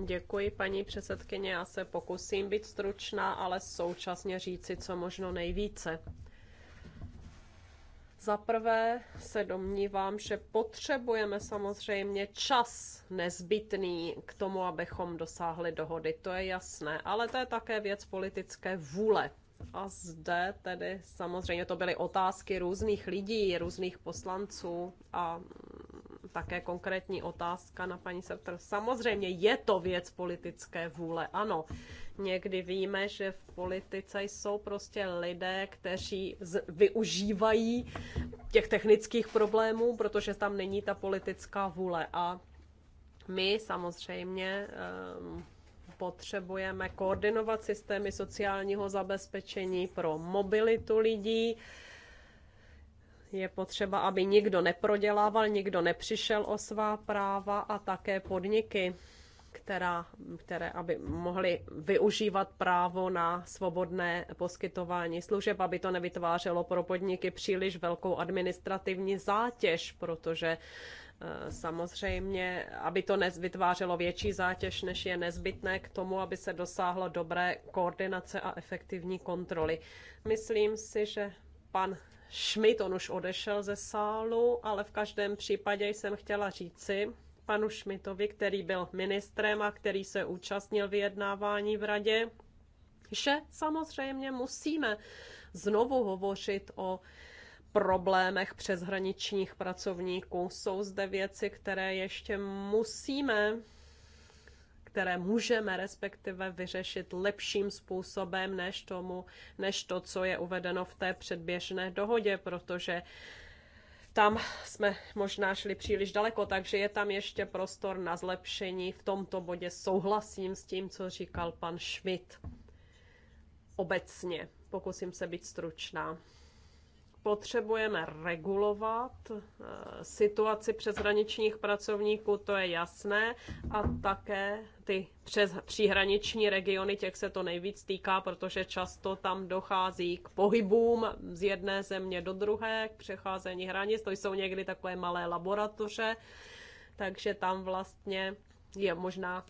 Děkuji, paní předsedkyně. Já se pokusím být stručná, ale současně říci, co možno nejvíce. Za prvé se domnívám, že potřebujeme samozřejmě čas nezbytný k tomu, abychom dosáhli dohody. To je jasné, ale to je také věc politické vůle a zde tedy samozřejmě to byly otázky různých lidí, různých poslanců a mm, také konkrétní otázka na paní Septr. Samozřejmě je to věc politické vůle, ano. Někdy víme, že v politice jsou prostě lidé, kteří z- využívají těch technických problémů, protože tam není ta politická vůle. A my samozřejmě um, potřebujeme koordinovat systémy sociálního zabezpečení pro mobilitu lidí. Je potřeba, aby nikdo neprodělával, nikdo nepřišel o svá práva a také podniky, která, které aby mohly využívat právo na svobodné poskytování služeb, aby to nevytvářelo pro podniky příliš velkou administrativní zátěž, protože Eh, samozřejmě, aby to vytvářelo větší zátěž, než je nezbytné k tomu, aby se dosáhlo dobré koordinace a efektivní kontroly. Myslím si, že pan Schmidt, on už odešel ze sálu, ale v každém případě jsem chtěla říci panu Schmidtovi, který byl ministrem a který se účastnil vyjednávání v radě, že samozřejmě musíme znovu hovořit o problémech přeshraničních pracovníků. Jsou zde věci, které ještě musíme které můžeme respektive vyřešit lepším způsobem než, tomu, než to, co je uvedeno v té předběžné dohodě, protože tam jsme možná šli příliš daleko, takže je tam ještě prostor na zlepšení. V tomto bodě souhlasím s tím, co říkal pan Schmidt. Obecně pokusím se být stručná potřebujeme regulovat eh, situaci přeshraničních pracovníků, to je jasné, a také ty přes příhraniční regiony, těch se to nejvíc týká, protože často tam dochází k pohybům z jedné země do druhé, k přecházení hranic, to jsou někdy takové malé laboratoře, takže tam vlastně je možná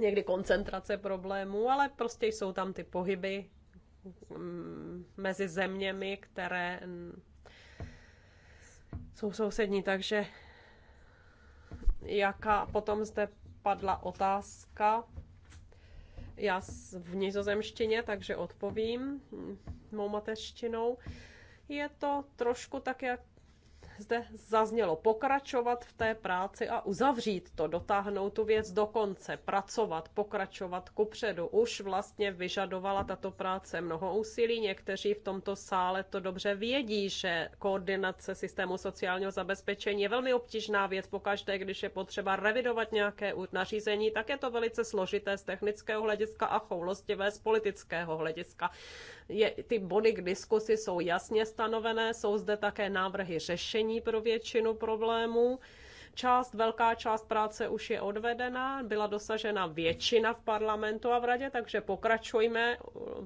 někdy koncentrace problémů, ale prostě jsou tam ty pohyby Mm, mezi zeměmi, které jsou sousední. Takže jaká potom zde padla otázka, já v nizozemštině, takže odpovím mm, mou mateřštinou. Je to trošku tak, jak zde zaznělo pokračovat v té práci a uzavřít to, dotáhnout tu věc do konce, pracovat, pokračovat kupředu. Už vlastně vyžadovala tato práce mnoho úsilí. Někteří v tomto sále to dobře vědí, že koordinace systému sociálního zabezpečení je velmi obtížná věc. Pokaždé, když je potřeba revidovat nějaké nařízení, tak je to velice složité z technického hlediska a choulostivé z politického hlediska. Je, ty body k diskusi jsou jasně stanovené, jsou zde také návrhy řešení pro většinu problémů část, velká část práce už je odvedena, byla dosažena většina v parlamentu a v radě, takže pokračujme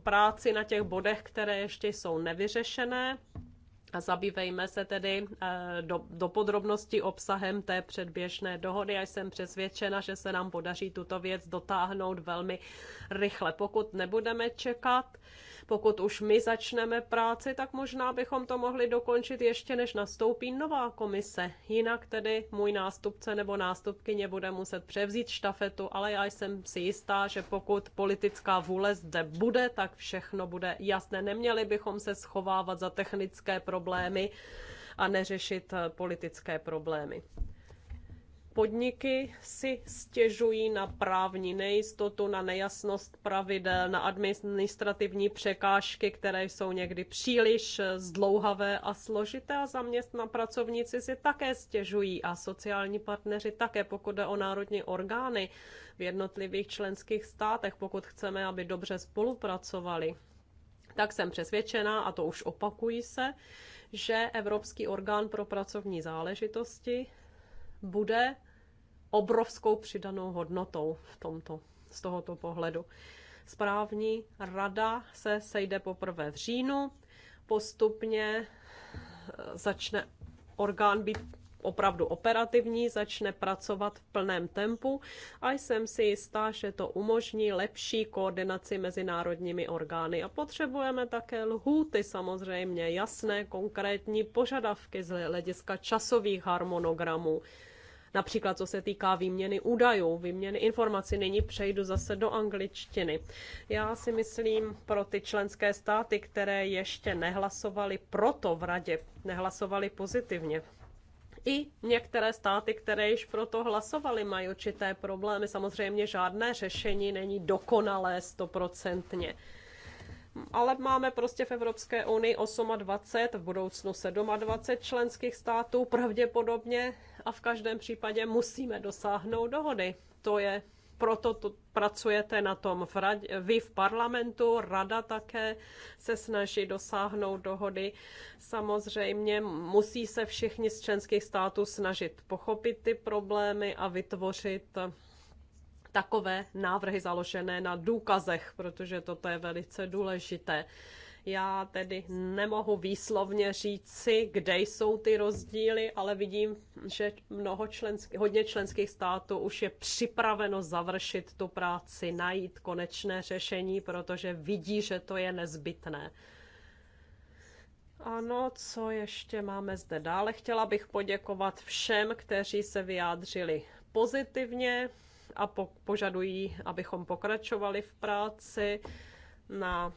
práci na těch bodech, které ještě jsou nevyřešené. A zabývejme se tedy eh, do, do podrobností obsahem té předběžné dohody. Já jsem přesvědčena, že se nám podaří tuto věc dotáhnout velmi rychle. Pokud nebudeme čekat, pokud už my začneme práci, tak možná bychom to mohli dokončit ještě než nastoupí nová komise. Jinak tedy můj nástupce nebo nástupkyně bude muset převzít štafetu, ale já jsem si jistá, že pokud politická vůle zde bude, tak všechno bude jasné. Neměli bychom se schovávat za technické problémy a neřešit eh, politické problémy podniky si stěžují na právní nejistotu, na nejasnost pravidel, na administrativní překážky, které jsou někdy příliš zdlouhavé a složité a zaměstna pracovníci si také stěžují a sociální partneři také, pokud jde o národní orgány v jednotlivých členských státech, pokud chceme, aby dobře spolupracovali. Tak jsem přesvědčená, a to už opakují se, že Evropský orgán pro pracovní záležitosti bude obrovskou přidanou hodnotou v tomto, z tohoto pohledu. Správní rada se sejde poprvé v říjnu, postupně eh, začne orgán být opravdu operativní, začne pracovat v plném tempu a jsem si jistá, že to umožní lepší koordinaci mezinárodními orgány. A potřebujeme také lhůty samozřejmě, jasné, konkrétní požadavky z hlediska časových harmonogramů například co se týká výměny údajů, výměny informací. Nyní přejdu zase do angličtiny. Já si myslím, pro ty členské státy, které ještě nehlasovaly proto v radě, nehlasovaly pozitivně, i některé státy, které již proto hlasovaly, mají určité problémy. Samozřejmě žádné řešení není dokonalé stoprocentně ale máme prostě v Evropské unii 28, v budoucnu 27 členských států pravděpodobně a v každém případě musíme dosáhnout dohody. To je proto to, pracujete na tom v rad, vy v parlamentu, rada také se snaží dosáhnout dohody. Samozřejmě musí se všichni z členských států snažit pochopit ty problémy a vytvořit takové návrhy založené na důkazech, protože toto je velice důležité. Já tedy nemohu výslovně říci, kde jsou ty rozdíly, ale vidím, že mnoho členský, hodně členských států už je připraveno završit tu práci, najít konečné řešení, protože vidí, že to je nezbytné. Ano, co ještě máme zde dále? Chtěla bych poděkovat všem, kteří se vyjádřili pozitivně a po- požadují, abychom pokračovali v práci na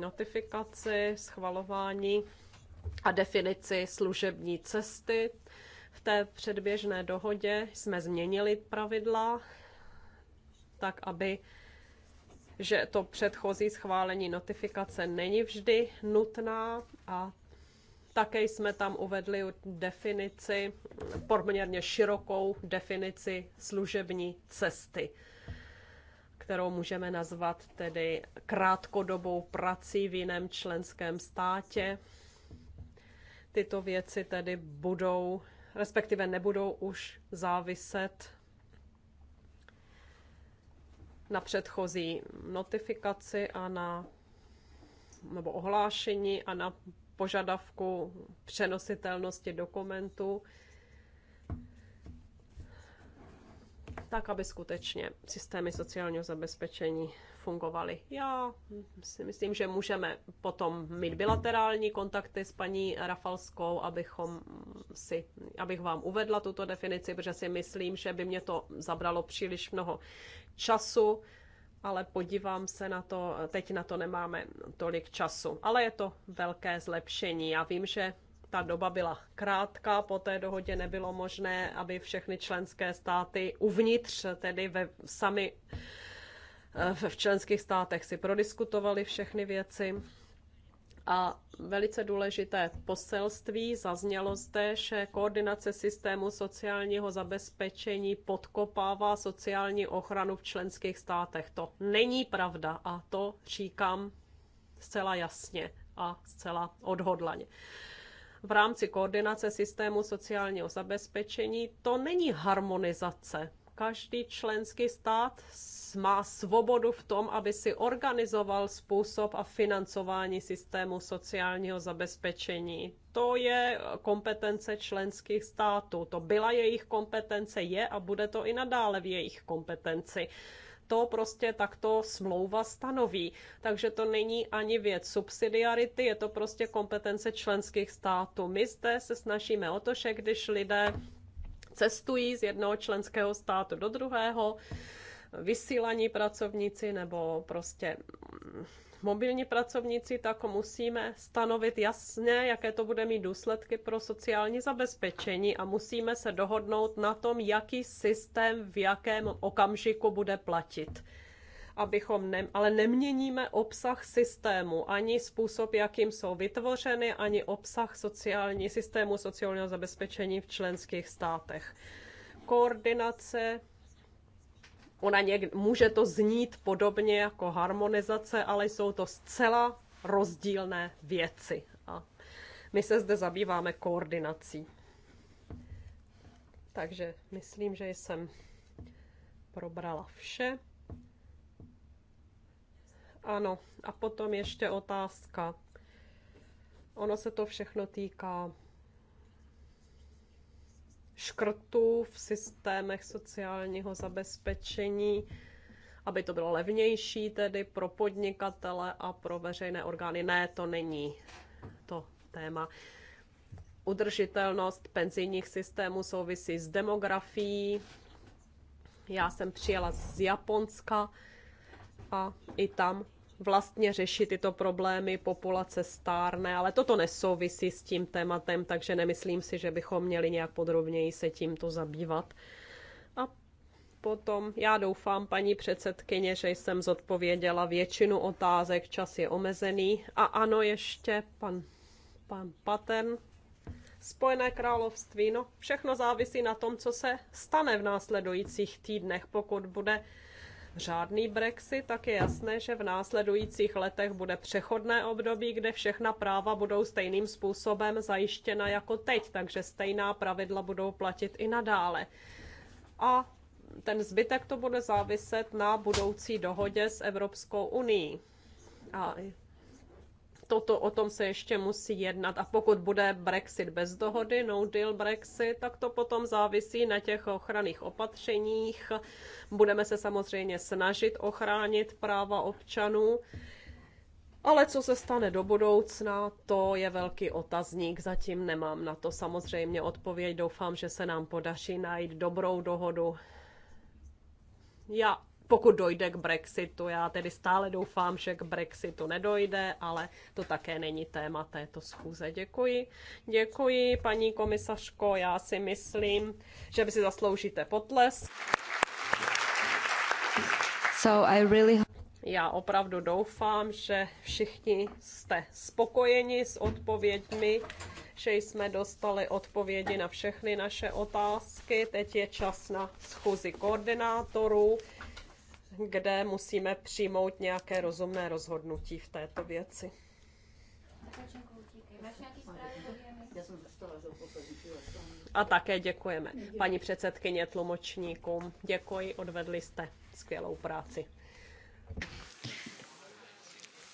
notifikaci, schvalování a definici služební cesty. V té předběžné dohodě jsme změnili pravidla tak, aby že to předchozí schválení notifikace není vždy nutná a také jsme tam uvedli definici, poměrně širokou definici služební cesty kterou můžeme nazvat tedy krátkodobou prací v jiném členském státě. Tyto věci tedy budou, respektive nebudou už záviset na předchozí notifikaci a na nebo ohlášení a na požadavku přenositelnosti dokumentu. tak aby skutečně systémy sociálního zabezpečení fungovaly. Já si myslím, že můžeme potom mít bilaterální kontakty s paní Rafalskou, abychom si, abych vám uvedla tuto definici, protože si myslím, že by mě to zabralo příliš mnoho času, ale podívám se na to, teď na to nemáme tolik času, ale je to velké zlepšení. Já vím, že ta doba byla krátká, po té dohodě nebylo možné, aby všechny členské státy uvnitř, tedy ve, sami eh, v členských státech si prodiskutovali všechny věci. A velice důležité poselství zaznělo zde, že koordinace systému sociálního zabezpečení podkopává sociální ochranu v členských státech. To není pravda a to říkám zcela jasně a zcela odhodlaně v rámci koordinace systému sociálního zabezpečení, to není harmonizace. Každý členský stát má svobodu v tom, aby si organizoval způsob a financování systému sociálního zabezpečení. To je kompetence členských států. To byla jejich kompetence, je a bude to i nadále v jejich kompetenci to prostě takto smlouva stanoví. Takže to není ani věc subsidiarity, je to prostě kompetence členských států. My zde se snažíme o to, že když lidé cestují z jednoho členského státu do druhého, vysílaní pracovníci nebo prostě mobilní pracovníci, tak musíme stanovit jasně, jaké to bude mít důsledky pro sociální zabezpečení a musíme se dohodnout na tom, jaký systém v jakém okamžiku bude platit abychom ne, ale neměníme obsah systému, ani způsob, jakým jsou vytvořeny, ani obsah sociální, systému sociálního zabezpečení v členských státech. Koordinace Ona něk, může to znít podobně jako harmonizace, ale jsou to zcela rozdílné věci. A my se zde zabýváme koordinací. Takže myslím, že jsem probrala vše. Ano, a potom ještě otázka. Ono se to všechno týká škrtů v systémech sociálního zabezpečení, aby to bylo levnější tedy pro podnikatele a pro veřejné orgány. Ne, to není to téma. Udržitelnost penzijních systémů souvisí s demografií. Já jsem přijela z Japonska a i tam vlastně řešit tyto problémy, populace stárne, ale toto nesouvisí s tím tématem, takže nemyslím si, že bychom měli nějak podrobněji se tímto zabývat. A potom já doufám, paní předsedkyně, že jsem zodpověděla většinu otázek, čas je omezený. A ano, ještě pan, pan Paten. Spojené království, no všechno závisí na tom, co se stane v následujících týdnech, pokud bude řádný Brexit, tak je jasné, že v následujících letech bude přechodné období, kde všechna práva budou stejným způsobem zajištěna jako teď, takže stejná pravidla budou platit i nadále. A ten zbytek to bude záviset na budoucí dohodě s Evropskou unii. A toto o tom se ještě musí jednat. A pokud bude Brexit bez dohody, no deal Brexit, tak to potom závisí na těch ochranných opatřeních. Budeme se samozřejmě snažit ochránit práva občanů. Ale co se stane do budoucna, to je velký otazník. Zatím nemám na to samozřejmě odpověď. Doufám, že se nám podaří najít dobrou dohodu. Já pokud dojde k Brexitu. Já tedy stále doufám, že k Brexitu nedojde, ale to také není téma této schůze. Děkuji. Děkuji, paní komisařko. Já si myslím, že vy si zasloužíte potles. So I really... Já opravdu doufám, že všichni jste spokojeni s odpověďmi, že jsme dostali odpovědi na všechny naše otázky. Teď je čas na schůzi koordinátorů kde musíme přijmout nějaké rozumné rozhodnutí v této věci. A také děkujeme paní předsedkyně tlumočníkům. Děkuji, odvedli jste skvělou práci.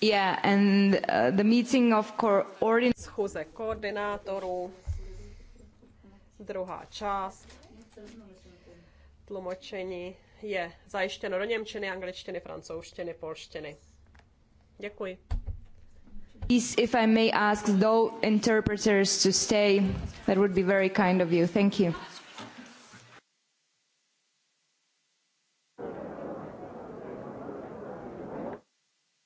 Yeah, and uh, the meeting of coordin- Schůze koordinátorů, druhá část, tlumočení je zajištěno do němčiny, angličtiny, francouzštiny, polštiny. Děkuji. Please, if I may ask those interpreters to stay, that would be very kind of you. Thank you.